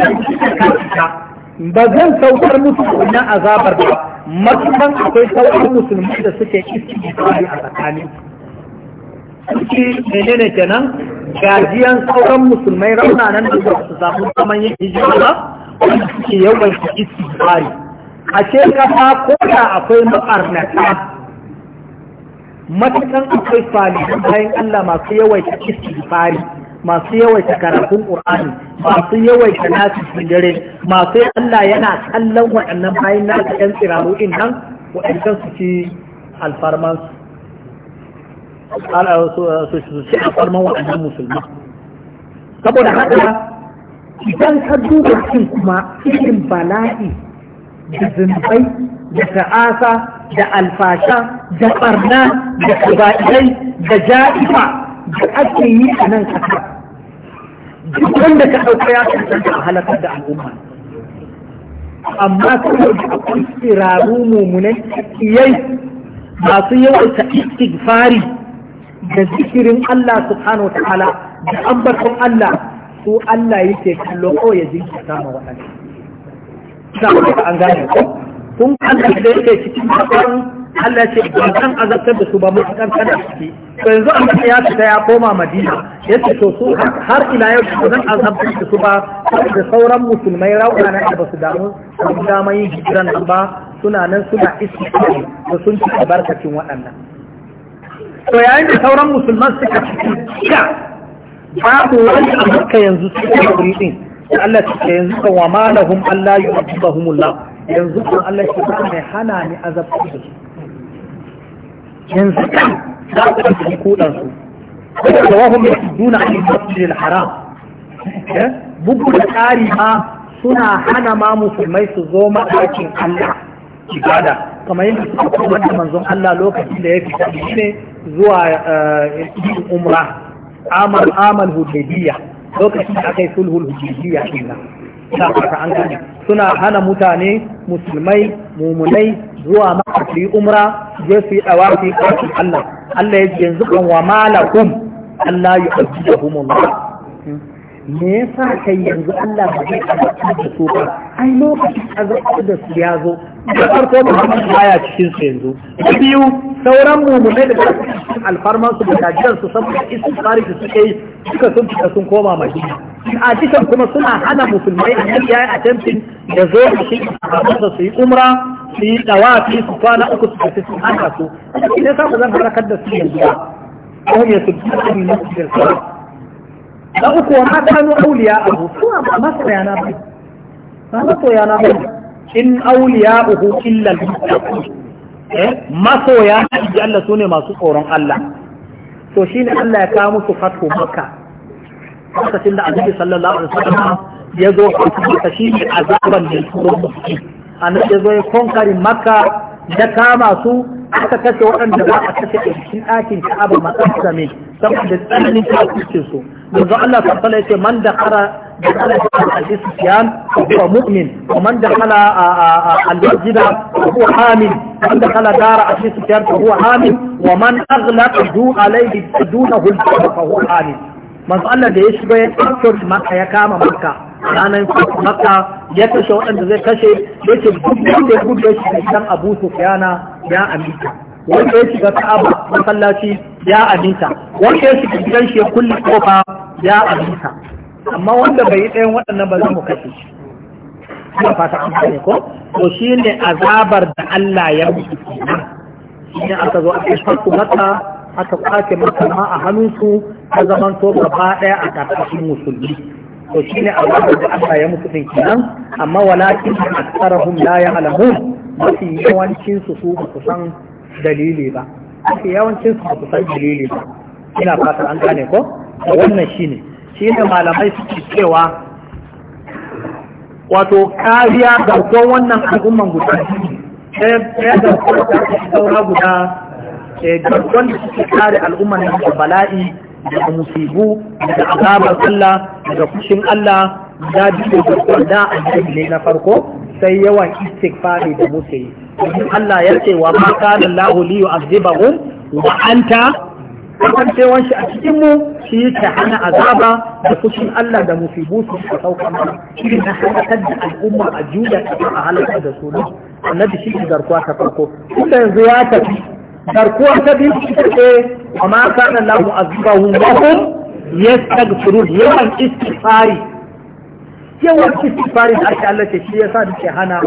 B: ba zan saukar musu da azabar ba matukan akwai sauran musulmi da suke istighfari a tsakanin suke menene kenan gajiyan sauran musulmai nan da su samu zaman yin hijira ba wanda suke yawan istighfari a ce kafa ko da akwai mabarnata matakan akwai fali bayan Allah masu yawaita istighfari masu yawaita karatun Qur'ani masu yawaita nasu dare masu Allah yana kallon waɗannan bayan nasu ɗan tsiraru in nan waɗannan su ci alfarman su ci alfarman waɗannan musulma saboda haka idan ka duba cin kuma cikin bala'i da zunubai da ta'asa da alfasha da barna da kaba'idai da ja'ifa da ake yi a nan kasa duk wanda ka ɗauka ya cancanta a halakar da al'umma amma da akwai tsiraru mummunan kiyai masu ta istighfari da zikirin Allah subhanahu wa ta'ala da ambaton Allah su Allah yake kallo ko ya jinkirta ma waɗanda. Za an gane ko? kun Allah da yake cikin kafin Allah ce ba zan azabtar da su ba mu kan kada ciki to yanzu Allah ya fita ya koma Madina yace to su har ila yau ba zan azabtar da su ba da sauran musulmai rauna nan da basu damu su dama mai hijiran nan ba suna nan suna istiqamar da sun ci barkacin waɗannan to yayin da sauran musulman suka ci babu wani a yanzu suka yi din Allah ce yanzu kan wa ma malahum Allah yu'adhibuhumullah yanzu kan Allah shi ba mai hana ni azabtar da su yanzu kan za ku ɗan su kuɗan su kuma da wahun mai duna a masjidil haram eh? bugu da tsari ma suna hana ma musulmai su zo maɗakin Allah ibada kamar yadda suka kuma da manzon Allah lokacin da ya fita ne zuwa eh, yin umra amal amal hudaybiya lokacin da aka yi sulhul hudaybiya kenan ta fata an gane suna hana mutane musulmai mumunai zuwa maka su yi umra je su yi dawafi kafin Allah Allah ya yanzu kan wa malakum Allah ya ajiya humullah me ya yasa kai yanzu Allah ba zai azabtar da su ba ai lokacin azabtar da su ya zo da farko Muhammad baya cikin su yanzu da biyu sauran mummunai da suka cikin alfarman su da gajiyar su saboda istighfari da suke yi suka sun fita sun koma Madina a cikin kuma suna hana musulmai a nan yayin attempting da zo a cikin sahabbansa su yi umra su yi dawafi su kwana uku su fita sun hana su ya sa ku zan halakar da su yanzu ba ko ya su fi da masjidil haram na uku wa makanu auliya abu suna ba masoya na bai ba eh, masoya na bai in auliya uku illa masoya na inji Allah su ne masu tsoron Allah to shi ne Allah ya kawo musu fatu maka lokacin da annabi sallallahu alaihi wasallam ya zo fatu shi ne azaban da tsoron A annabi ya zo ya konkarin maka da kama su aka kashe waɗanda ba a kashe a cikin ɗakin ka'aba masu zame saboda tsananin kafircin su manzo Allah sallallahu alaihi wasallam man da kara دخل أبي سفيان فهو man da kala المسجد فهو حامل من دخل دار أبي سفيان فهو حامل ومن أغلق دون عليه دونه الباب فهو حامل من قال ده يشبه أكثر ya يكام مكة ranar maka ya kashe waɗanda zai kashe ya ce duk wanda ya gudu ya shi abu ya aminta wanda ya shiga ka'aba masallaci ya aminta wanda ya shiga gidan shi ya kulle kofa ya aminta amma wanda bai yi ɗayan waɗannan ba za mu kashe shi ina fata an gane ko to shi ne azabar da Allah ya mutu kenan shine aka zo aka farko mata aka kwace mata ma a hannunsu ta zaman to gaba ɗaya a ƙarƙashin musulmi to shi ne azabar da Allah ya mutu din kenan amma walakin aktsaruhum la alamu mafi yawancin su su su san dalili ba mafi yawancin su ba san dalili ba ina fatan an gane ko wannan shine ne malamai suke cewa wato kariya kwan wannan al'umman guda ga kwan da saura guda kwan eh, da suke kare al'umman nan da bala'i daga musibu daga azabar Allah daga kushin Allah da biyu da kwanda a ne na farko sai yawan istighfari da muke yi Allah ya ce wa ma kana Allahu li yu'adhibahum wa anta kasancewan shi a cikin mu shi yake hana azaba da kushin Allah da musibu su ka sauka mana shi na halakar da al'umma a juya a halakar da su annabi shi garkuwa ta farko tunda yanzu ya tafi garkuwa ta biyu ita ce wa ma kana lahu azbahu ya hum yastaghfirun yawan istifari yawan istifari da ake Allah ce shi da ke hana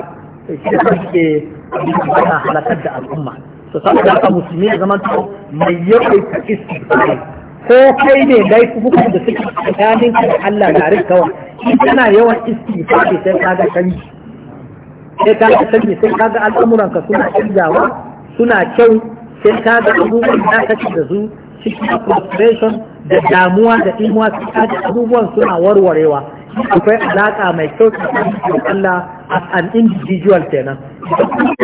B: shi da ke hana halakar da al'umma to da aka musulmi ya zama mai yawaita istifari ko kai ne dai hukumar da suke tsakanin ka da Allah na rikawa shi tana yawan istifari sai ka ga canji sai ka ga canji sai ka ga al'amuran ka suna canjawa suna kyau sai ka ga abubuwan da ka da su cikin frustration da damuwa da imuwa su ka kaji abubuwan suna warwarewa akwai alaka mai kyau tsakanin Allah as an individual kenan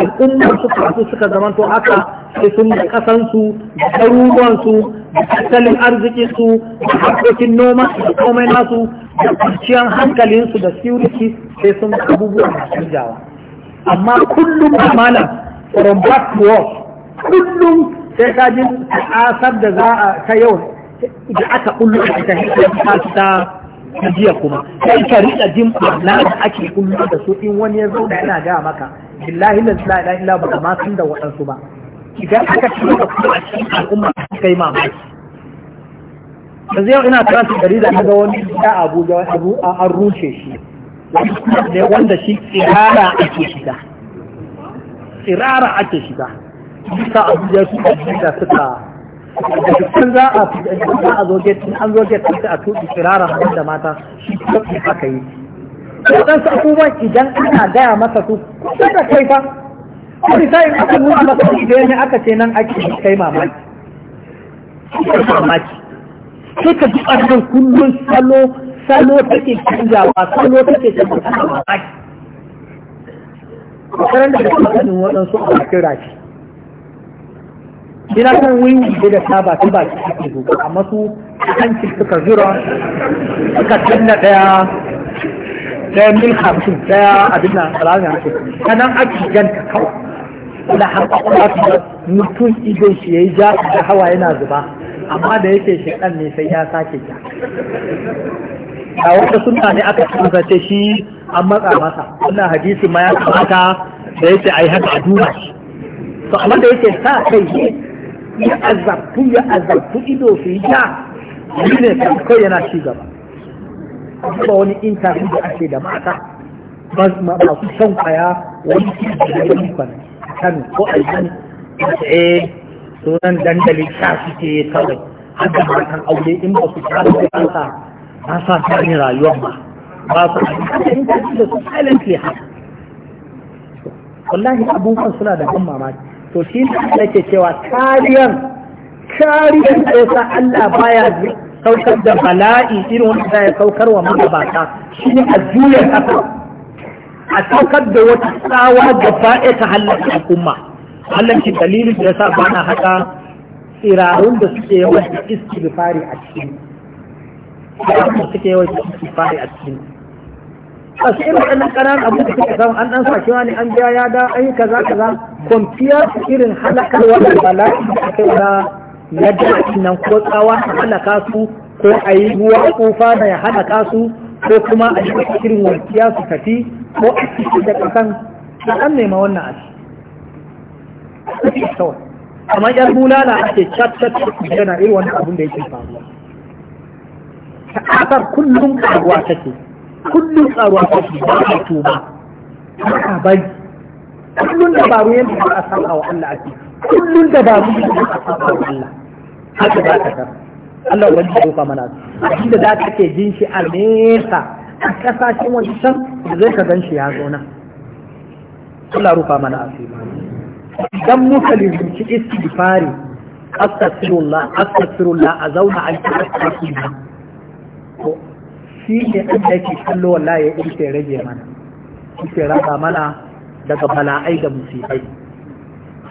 B: al'ummar su kasu suka zamanto haka sai sun da kasansu da su da tattalin arzikinsu da harkokin noma da komai nasu da kwanciyar hankalinsu da security sai sun abubuwan da canjawa amma kullum a malam from back to kullum sai ka ji asar da za a ta yau da aka kullu a ita ta jiya kuma sai ka riƙa jin na da ake kullu da su in wani ya zo da yana ga maka billahi la ilaha illa ba ma san da waɗansu ba idan aka ci da kuma a cikin al'umma kai mamaki yanzu yau ina gari jarida na ga wani da Abuja an rushe shi wanda shi tsirara ake shiga tsirara ake shiga duka abuja su da suka da dukkan za a za a zo get an zo get sai a tuki kirara har da mata shi kafi aka yi wadansu abubuwan idan ana gaya masa su kusa da kai fa ko misalin aka nuna masa idan ne aka ce nan ake kai mamaki kai mamaki sai ka ji ɓarfin kullum salo salo take canjawa salo take canjawa mamaki. Kusuran da ta waɗansu a kira shi. Ina kan wiwi da saba ta baki suke zuwa amma su hanci suka zura suka tunna daya daya mil hamsin daya abin nan alamin hamsin kanan ake janta kawai
A: da haƙaƙa
B: mutum idon shi ya yi ja da hawa yana zuba amma da yake shaɗan ne sai ya sake ja a wata suna ne aka tsanzace shi an matsa masa wannan hadisi ma ya kamata da yake a yi haka a duna shi to amma da yake sa kai ya azabtu ya azabtu ido su yi ja yi ne kai yana ci gaba ba wani interview da ake da mata masu son kwaya wani da wani kwana kan ko a yi ee eh, sunan dandali sha suke kawai har da matan aure in ba su ta da kansa ba sa ta ne rayuwar ba ba su a cikin da su silently haka wallahi abubuwan suna da ban mamaki to shi ne ke cewa kariyan kariyan ya sa Allah baya saukar da bala'i irin wanda za ya saukar wa magabata shi ne a juya ƙasa a saukar da wata tsawa gaba ɗaya ta halakar al'umma halarci dalilin da ya sa ba na haka tsirarun da suke yawan fari a cikin suke yawan fari a cikin a shi irin waɗannan ƙananan abin da suka samu an ɗan sa shi ne an biya ya da an yi kaza kaza kwamfiya su irin halakarwa da balaki da aka yi na daɗi nan ko tsawa a halaka su ko a yi ruwa kofa da ya halaka su ko kuma a yi irin wankiya su tafi ko a ciki da ƙasan da an nema wannan a ciki kawai amma yar bulala ake chat chat yana irin wani abin da yake faruwa ta'asar kullum karuwa take kullum tsaro a kashi ba a tuba haka bari kullum da dabaru yadda ba a saba wa Allah ake kullum dabaru yadda ba a saba wa Allah haka za ka tafi Allah wani ya doka mana su inda za ka ke jin shi a nesa a kasashen wancan da zai ka gan shi ya zo nan Allah rufa mana asiri dan muka lizuci istighfari astaghfirullah astaghfirullah a zauna a cikin astaghfirullah shi ne ɗan da kallo wallahi ya yake rage mana yake raba mana daga bala'ai da musibai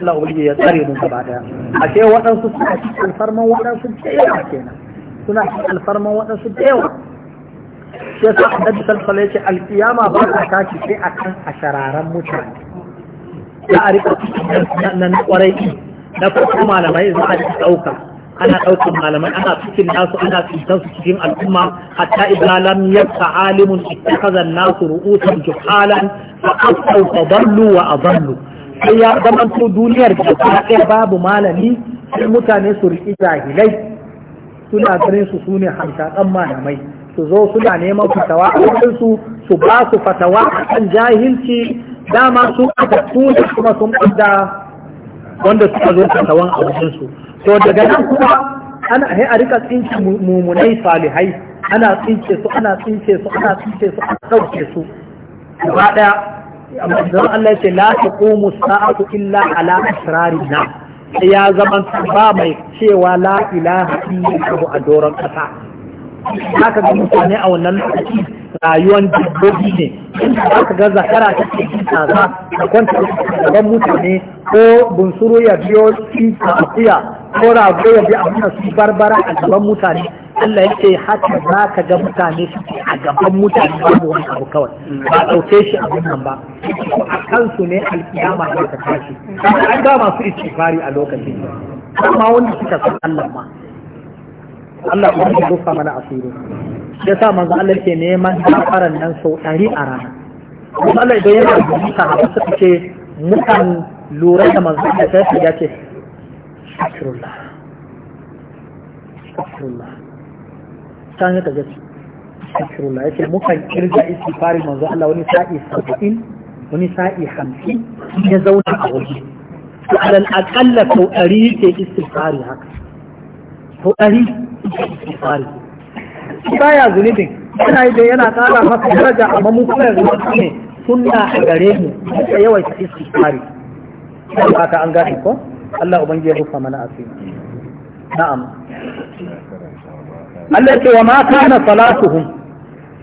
B: Allah ubangiji ya tsare mu gaba daya ashe waɗansu suna cikin alfarman waɗansu da yawa kenan suna cikin alfarman waɗansu da yawa shi yasa annabi sallallahu alaihi wasallam alkiyama ba ta tashi sai akan ashararan mutane za a nan na kwarai na kuma malamai za a ɗauka ana ɗaukar malamai ana cikin nasu ana cutar su cikin al'umma hatta idza lam yabqa alimun ittakhadha an-nasu ru'usan juhalan fa asaw tadallu wa adallu sai ya zama to duniyar da ta babu malami sai mutane su riƙi jahilai suna ganin su sune hamsakan malamai su zo suna neman fatawa a cikin su su ba su fatawa a kan jahilci dama su aka tuna kuma sun ɓadda
A: wanda suka zo fatawan a wajen
B: su to daga nan kuma ana sai a rika tsince mumunai salihai ana tsince su ana tsince su ana tsince su ana dauke su gaba daya amma Allah ya ce la taqumu sa'atu illa ala asrarina ya zaman ba mai cewa la ilaha illallah a doron kasa
A: haka ga mutane
B: a wannan lokaci rayuwar dabbobi ne inda za ka ga zakara ta ce kaza da kwanta gaban mutane ko bunsuru ya biyo shi a afiya ko rago ya biya abin su barbara a gaban mutane Allah ya ce haka za ka ga mutane suke a gaban mutane babu wani abu kawai ba ɗauke shi a wannan ba a kansu ne alkiyama ya ta tashi an ga masu istifari a lokacin amma wanda suka san Allah ma Allah kuma ya rufa mana asiri ya sa manzo Allah ke neman gafaran nan sau ɗari a rana kuma Allah idan yana da muka haka ce mukan lura da manzo Allah sai su ya ce astaghfirullah astaghfirullah san ya kaje astaghfirullah mukan kirga manzo Allah wani sa'i 70 wani sa'i hamsin, ya zauna a waje alal aƙalla sau ɗari yake istighfari haka sau ɗari istighfari baya zunubin yana yi da yana kara masa daraja amma mu kuma yanzu ne sunna a gare mu da yawan istighfari sai ba ta an gane ko Allah ubangiji ya rufa mana asiri na'am
A: Allah ce wa ma kana salatuhum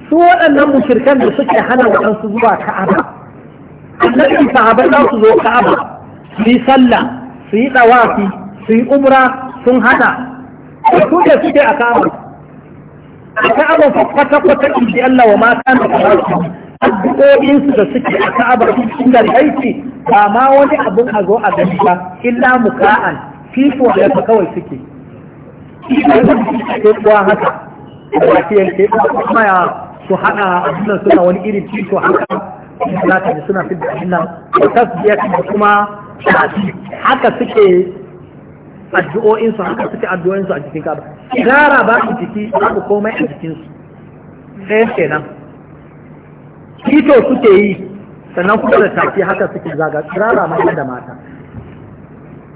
B: su waɗannan mushirkan da suke hana waɗansu zuwa ka'aba annabi sahabai za su zo ka'aba su yi sallah su yi ɗawafi su yi umra sun hana da su da suke a kama a ka'aba kwata kwata in ji Allah wa ma kana kamar addu'o'insu da suke a ka'abar cikin gargaiti ba ma wani abin a zo a gani ba illa muka'an fifo da ta kawai suke ke kuwa haka da ke yanke kuma ya su hana abinan suna wani irin fifo haka suna ta suna fi da abinan da tasbiyar kuma haka suke addu'o'in su haka suke addu’o’insu su a jikin kaba gara ba su jiki ku komai a jikinsu su sai nan. kito suke yi sannan kuma da tafi haka suke zaga tsirara mata da mata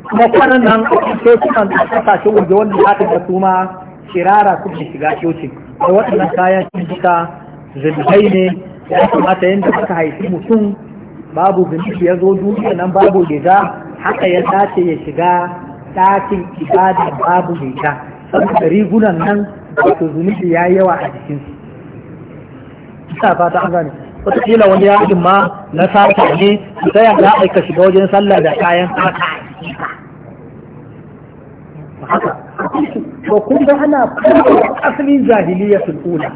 A: kuma kwanan nan sai
B: sukan kasashe wanda wanda haka da su ma shirara ke shiga kyauci da waɗannan kayan jika zunubai ne ya kamata yadda aka haifi mutum babu zunubi ya zo duniya nan babu riga haka ya dace ya shiga ɗakin ibada babu mai ta saboda rigunan nan wato zunubi ya yi yawa a jikinsu ina fata an gane wataƙila wani haɗin ma na sata ne su ta yaya aika shiga wajen sallah da kayan sata ba kun ga ana komawa asalin jahiliya sul'ula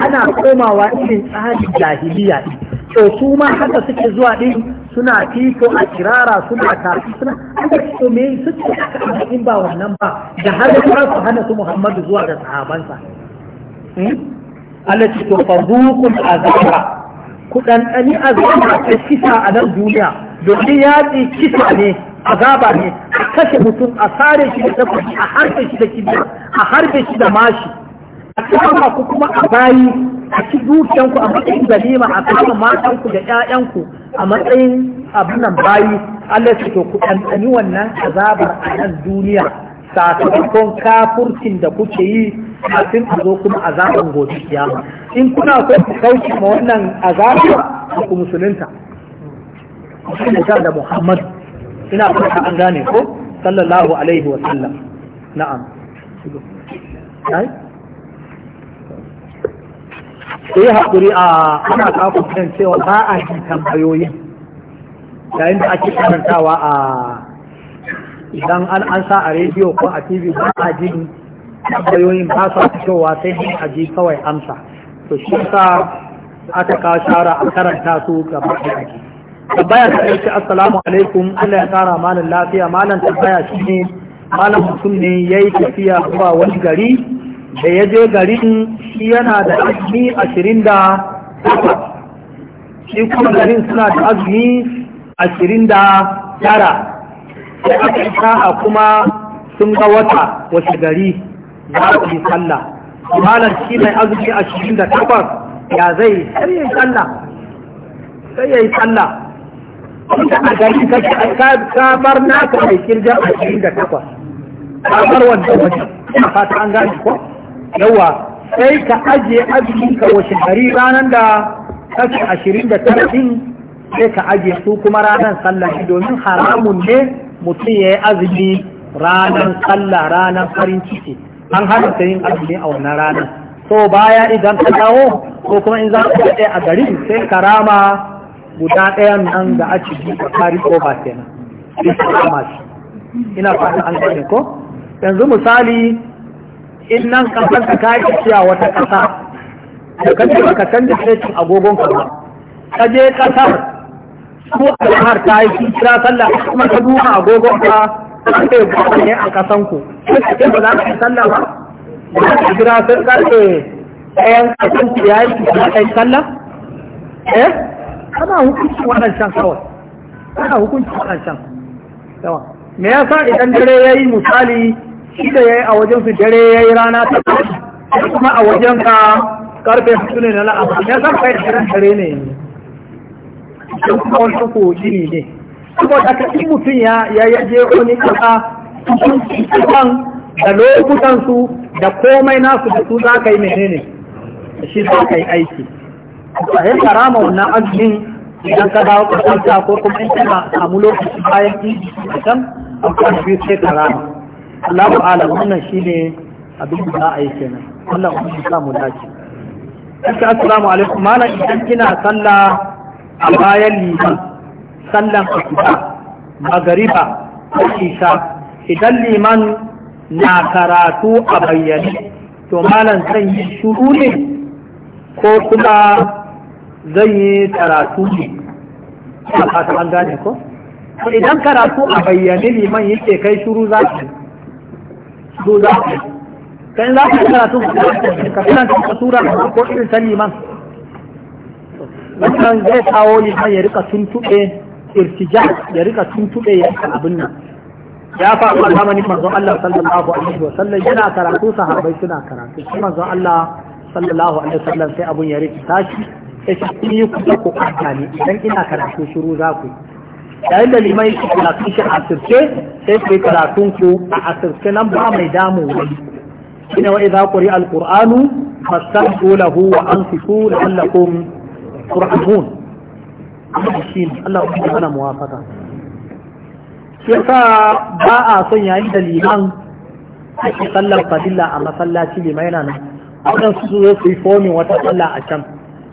B: ana komawa irin tsarin jahiliya ɗin to su ma haka suke zuwa din suna fito a kirara suna tafi suna aka fito me suke aka amma in ba wannan ba da har da su hana su Muhammadu zuwa da sahabansa hmm? Allah ce to fadukun azaba ku ɗanɗani azaba ta kisa a nan duniya domin yaƙi kisa ne azaba ne a kashe mutum a sare shi da tafi a harbe shi da kibiya a harbe shi da mashi a kama ku kuma a bayi a ci dukiyanku a matsayin ganima a kama matanku da ƴaƴanku a matsayin abin nan bayi Allah ya to ku ɗanɗani wannan azabar a nan duniya sakamakon kafurcin da kuke yi kafin a zo kuma azaban gobe kiyama in kuna so ku kauce ma wannan azabar ku musulunta ku da Muhammad ina fata an gane ko sallallahu alaihi wa sallam na'am Right? ku yi haƙuri a ana kafin kan cewa ba a yi tambayoyi yayin da ake karantawa a idan an an sa a rediyo ko a tv ba a ji tambayoyin ba sa fitowa sai ne a ji kawai amsa to shi sa aka kawo shara a karanta su gaba da ake tambaya ta ce assalamu alaikum allah ya tsara malam lafiya malam tambaya shi ne malam mutum ne ya yi tafiya zuwa wani gari da ya je garin shi yana da azumi ashirin da takwas shi kuma garin suna da azumi ashirin da tara da aka sa'a kuma sun ga wata wasu gari za su yi sallah malar shi mai azumi ashirin da takwas ya zai sai ya yi sallah sai ya yi sallah a gari ka naka mai kirjar ashirin da takwas ka wanda wajen ina fata an gani ko yawa sai ka ajiye azuminka wasu hari ranar da kashi ashirin da tarihin sai ka ajiye su kuma ranar sallah domin haramun ne mutum ya yi azumi ranar sallah ranar farin ciki an hana ta yin azumi a wannan ranar so baya idan ka dawo ko kuma in za ka ɗaya a gari sai ka rama guda ɗayan nan da a ciki a kari ko ba kenan ina fata an gane ko yanzu misali in nan kasar ka kayi tafiya wata kasa da kan ce ka canza tashin agogon ka ba ka je kasar su alhar ta yi kira sallah kuma ka duba agogon ka karfe goma ne a kasan ku sai ka ce ba za ka yi sallah ba ba ka kira sai karfe ɗayan kasan ku ya yi ba ka sallah eh kana hukunci waɗancan kawai kana wannan waɗancan yawa me yasa idan dare ya yi misali shi da ya yi a wajen su dare ya yi rana ta kuma a wajen ka karfe su ne na la'afa ya san kai da shirin dare ne da kuma wasu ko gini ne saboda ka in mutum ya ya je wani kasa kan da lokutan su da komai nasu da su za ka yi menene shi za ka yi aiki a yi karama wannan azumin idan ka dawo kasar ko kuma in kana samu lokaci bayan idi a can a kan biyu sai karama
A: Allahu alam wannan
B: shine abin da za a yi kenan Allah ku sa mu dace
A: assalamu
B: alaikum malam idan kina sallah a bayan liman sallan asuba magariba ko isa idan liman na karatu a bayyane to malam zan yi shuru ne ko kuma zan yi karatu ne a fata an gane ko idan karatu a bayyane liman yake kai shuru za ki ka za ka karatu ka karanta ka tura ko irin sani liman wannan zai kawo liman ya rika tuntuɓe irtija ya rika tuntuɓe ya rika abin nan ya faru a zamanin manzon Allah sallallahu alaihi wa sallam yana karatu sahabbai suna karatu shi manzon Allah sallallahu alaihi wa sallam sai abun ya rika tashi sai shi ku ku kanta ne idan ina karatu shiru za ku yi yayin da liman su karatun shi a sirce sai ku yi karatun ku a asirce nan ba mai damu wani ina wa idza quri alqur'anu fastahu lahu wa anfiqu la'allakum turhamun shin Allah ya mana muwafaka yasa ba a son yayin da liman ake sallar fadilla a masallaci liman yana nan waɗansu su zo su yi fomin wata sallah a can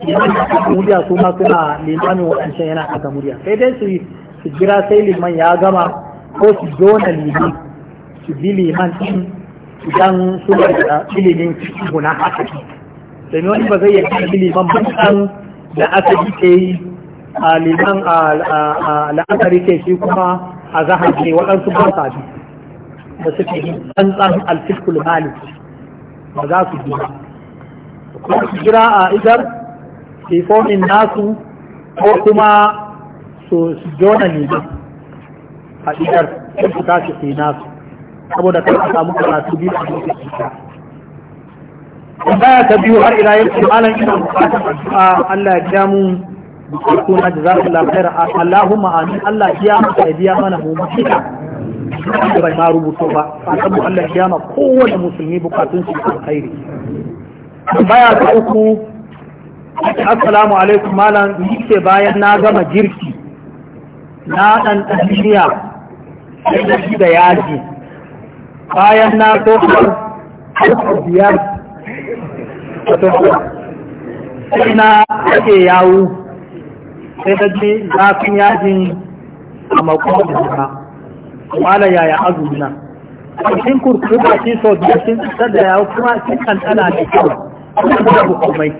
B: liman da aka murya su ma suna limamin waɗancan yana aka murya sai dai su yi su jira sai liman ya gama ko su jona liman su bi liman din idan suna da ilimin fiqhu haka. haka domin wani ba zai yarda bi liman ba dan da aka ji ke a liman a la'akari ke shi kuma a zahar ne waɗansu ba sa bi da suke yi tsantsan alfiskul Mali? ba za su jira ko su jira a idar sifonin nasu ko kuma so su jona ne ba a idar fita su tashi nasu saboda kan a samu karatu biyu a lokaci ta tambaya ta biyu har ila yin ce malam ina bukatar addu'a Allah ya ja mu bukatu na jazakallahu khair Allahumma amin Allah ya maka ya biya mana mu mutuka da bai ma rubuto ba a sabu Allah ya ma kowane musulmi bukatun su alkhairi tambaya ta uku assalamu alaikum malam ni ce bayan na gama girki na ɗan tafiya sai da shi da yaji bayan na so har biyar sai na ake yawo sai da ji zafin yajin a makon da juna wala yaya azumina A cikin kurkuru ba shi sau biyar sun tsar da yawo kuma sun kankana da kyau kuma da hukumai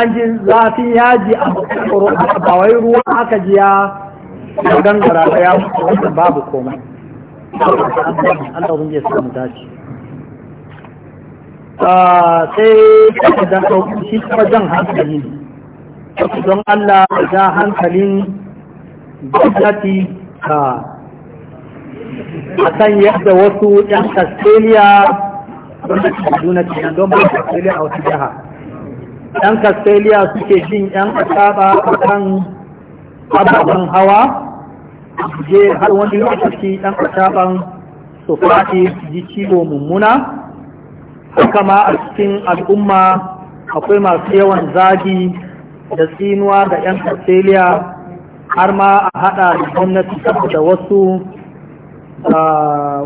B: an ji zafin yaji a makon ba wai ruwa aka ji ya
A: ya gangara da ya
B: mutu babu komai Allah ubin ya samu dace ah, sai da shi kuma jan hankali ne don Allah ja hankalin gwamnati a kan yadda wasu 'yan Australia gwamnati Kaduna kenan don ba Australia a wasu jiha. 'Yan Australia suke jin 'yan asaba a kan ababen hawa je har wani lokaci ɗan kataban su ji ciwo mummuna haka ma a cikin al'umma akwai masu yawan zagi da tsinuwa ga 'yan australia har ma a hada da gwamnati da wasu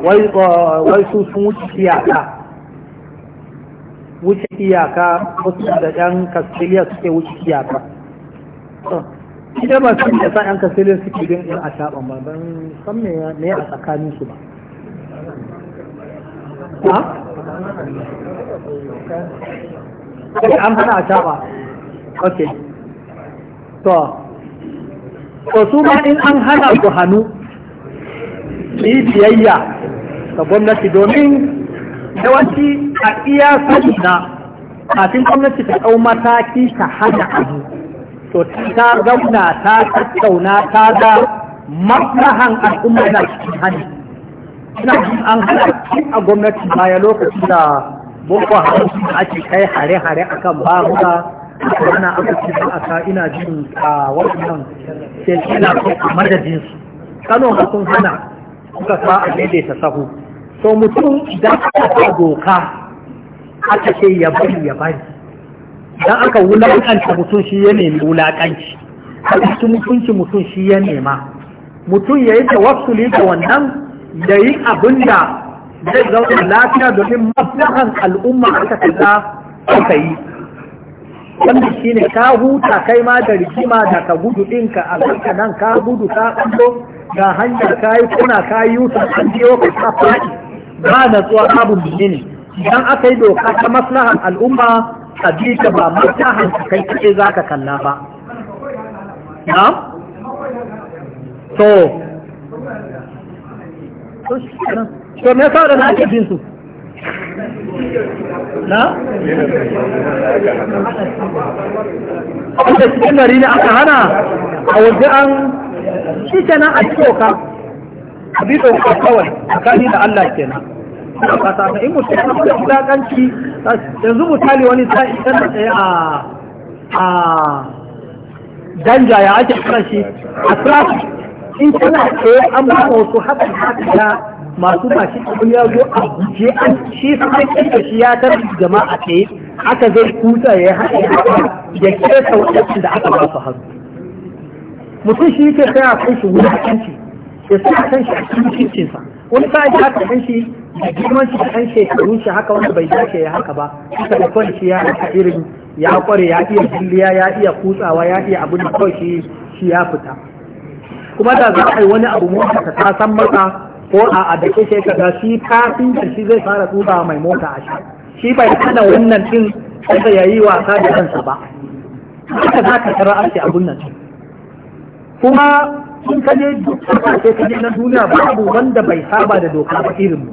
B: wai su sun wuce iyaka wuce iyaka wasu da 'yan australia suke wuce iyaka ita ba su da sa'an ka sai suke bin in a shaɓan ba ban san me ne a tsakanin su ba
A: ha an hana a shaɓa?
B: okay to to su ma in an hana su hannu yi biyayya ga gwamnati domin yawanci a iya sani na kafin gwamnati ta ɗau mataki ta hana abu to ta zauna ta tattauna ta ga maslahan al'umma da cikin hannu ina an hana a gwamnati baya lokaci da boko haram ake kai hare-hare a kan ana aka ci da aka ina jin a wannan shekila ko a madadin su kano ma sun hana suka sa a daidaita sahu to mutum idan aka sa doka
A: aka ce ya bari
B: ya bari dan aka wulakanta mutum shi ya nemi wulakanci halittu mutunci mutum shi ya nema mutum ya yi tawassuli da wannan ya yi abin da zai zauna lafiya domin maslahan al'umma aka kaza aka yi wanda shi ne ka huta kai ma da rikima da ka gudu ɗinka a kanka nan ka gudu ka ɓallo ga hanyar ka yi kuna ka yi yusa an biyo ka ta faɗi ba natsuwa abun ne idan aka yi doka ta maslahan al'umma ka ta ba matahan ka kai kaɗai za ka kalla ba na? so to me sa da na ake bin su na? wanda cikin gari ne aka hana a waje an shi kenan a cikin ka a bi doka kawai a kani da Allah kenan da kasa ta in mutum ya kuma wulakanci yanzu misali wani sa'i ɗan da tsaye a a danja ya ake kira a traffic in kana tsaye an ba wasu haka haka masu bashi abin ya zo a guje an shi sai da shi ya tarbi jama'a tsaye aka zai kusa ya haɗe ya kesa waɗansu da aka ba su hannu mutum shi ke sai a kan shi a kan shi. ya sa kan shi a cikin cincinsa wani sa'i haka kan shi da girman shi ɗan shekaru shi haka wanda bai dace ya haka ba haka da kwan shi ya haka irin ya kware ya iya jilliya ya iya kutsawa ya iya abin da kawai shi ya fita kuma da za a yi wani abu mota ka ta san masa ko a a da ke shekara shi da shi zai fara tuba mai mota a shi shi bai kana wannan din kada ya yi wasa da kansa ba haka za ka tara ake abin nan kuma sun kaje duk kasashe kaje na duniya babu wanda bai saba da doka ba irin mu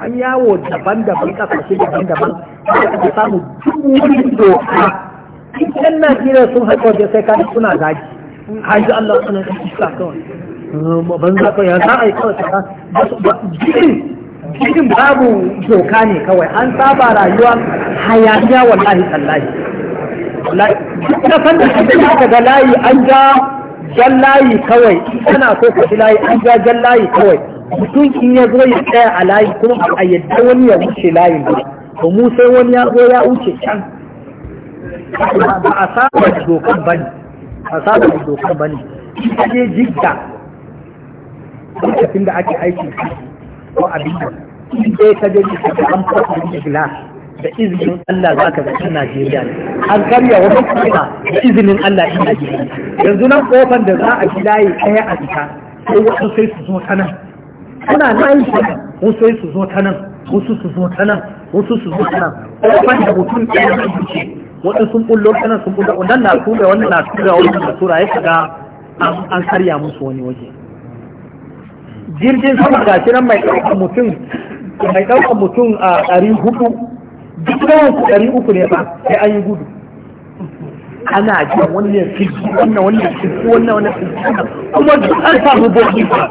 B: an yawo daban-daban kasashe daban-daban da samu duk doka yan najeriya sun haɗa da sai kan suna zagi Haji allah suna da iska kawai
A: ban za ka ya za a yi kawai
B: ta jikin jirgin babu doka ne kawai an saba rayuwa hayaniya wallahi tallahi duk kasan da aka ga layi an ja jan layi kawai kana so ka ji layi an ja jan layi kawai mutum in ya zo ya tsaya a layi kuma a yadda wani ya wuce layin ba to mu sai wani ya zo ya wuce can
A: ba a saba da dokan bane
B: a saba da dokan ne ita je jidda lokacin da ake aiki ko abin da in dai ka je da an fasa da glass da izinin Allah za ka zaci Najeriya ne. An karya wani kuma da izinin Allah in Najeriya. Yanzu nan kofar da za a ji layi ɗaya a fita, sai wasu sai su zo ta nan. suna nan wasu su zo ta nan wasu su zo ta nan wasu su zo ta nan kuma da mutum ɗaya na zuci waɗansu sun bullo ta nan sun bullo wannan na tura wannan na tura wannan na tura ya shiga an karya musu wani waje jirgin sama ga shi nan mai ɗaukar mutum mai ɗaukar mutum a ɗari hudu duk yawan ɗari uku ne ba sai an yi gudu ana jin wannan filki wannan wannan filki wannan wannan filki kuma duk an samu bobi ba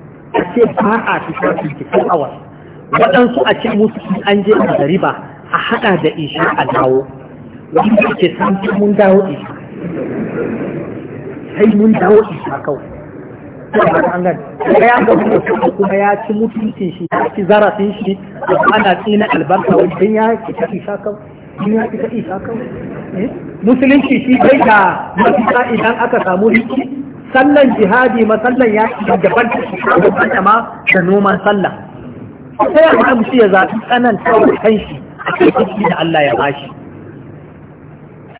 B: a ce ba a fita 24 hours waɗansu a ce musu an je a riba a haɗa da isha a dawo wanda ke san mun dawo isha sai mun dawo isha kawai ya ga mutum kuma ya ci mutuncin shi ya ci zarafin shi ana tsina albarka wajen ya fita isha kawai ya fita isha kawai eh? musulunci shi bai da mafita idan aka samu rikici sallan jihadi masallan ya yi gaban da ma da noman sallah sai ya ga mutum ya zaɓi tsananta a cikin da Allah ya bashi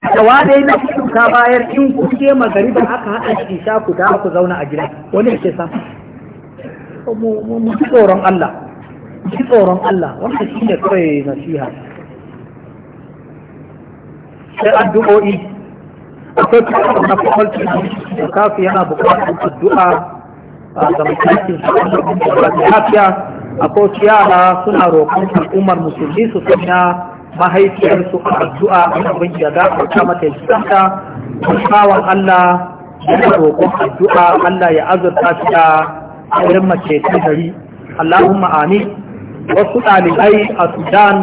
B: da dai na ka bayar in ku ke magari da aka haɗa shi sha ku ta ku zauna a gida wani ke sa mu tsoron Allah ci tsoron Allah wannan shi ne kawai nasiha sai addu'o'i akwai kuma na kwalci da kafi yana bukatar addu'a ga matakin lafiya a kowace yara suna roƙon al'ummar musulmi su sanya mahaifiyarsu a addu'a a abin da za a kama ta jikanta musawan Allah yana roƙon addu'a Allah ya azurta shi da irin mace ta gari Allahumma amin wasu ɗalibai a Sudan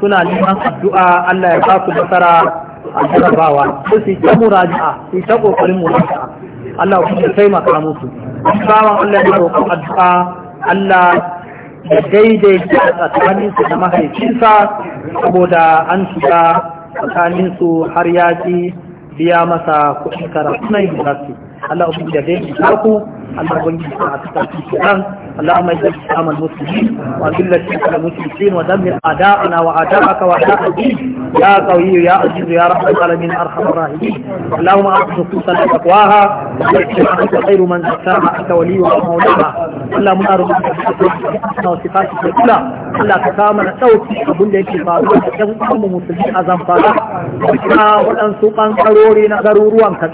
B: suna neman addu'a Allah ya ba su nasara a jarabawa sai su ta muraja'a su ta kokarin muraja'a Allah ku ta maka musu bawan Allah ya roƙa addu'a Allah ya daidaita tsakanin su da mahaifinsa saboda an shiga tsakanin su har ya biya masa kuɗin karatu na yin Allah ku ta daidaita ku Allah ubangiji sai a tuka shi ran Allah amma yake samun musulmi wa billa shirka musulmin wa damir ada'ana wa ada'aka wa ada'a ya qawi ya aziz ya rabbul alamin arhamur rahimin Allahumma aqim suqul taqwaha wa ikhlas khairu man zakkaha anta wali wa mawlaha Allah mun arudu bi sifatika wa sifatika kula Allah ka kama na sauki da yake faru da dan uwan musulmi azan fara kuma wadan su kan karori na garuruwan ka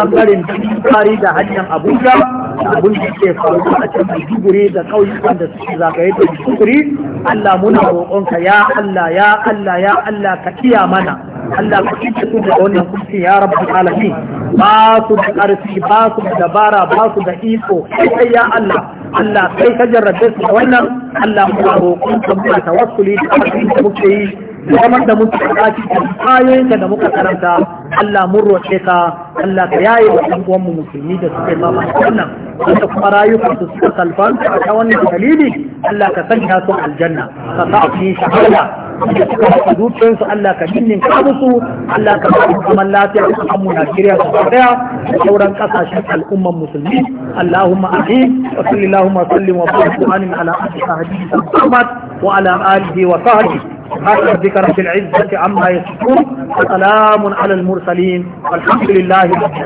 B: Allah rin tari da hajjan abun abuja abin da ke faruwa a can maiduguri da ƙauyukan da suke zagaye da maiduguri allah muna roƙonka ya allah ya allah ya allah ka iya mana allah ka iya su da wannan kursi ya rabu alamin ba su da ƙarfi ba su da dabara ba su da iko sai ya allah allah kai ka jarrabe su da wannan allah muna roƙonka muna tawassuli da abin da muke yi zaman da muke kaci da ayoyinka da muka karanta Allah mun roƙe ka Allah ka yaye wa ɗan mu musulmi da suke fama da wannan wanda kuma rayukan su suka salfanta a wannan dalili Allah ka sanya su aljanna ka sa su shahada da suka haka dukiyarsu Allah ka jinnin ka Allah ka ba su zaman lafiya a samu Najeriya su daya da sauran kasashen al'umman musulmi Allahumma amin wa sallallahu sallim wa barik wa anim ala abdika hadisi Muhammad wa ala alihi wa sahbihi سبحان ربك رب العزة عما يصفون وسلام على المرسلين والحمد لله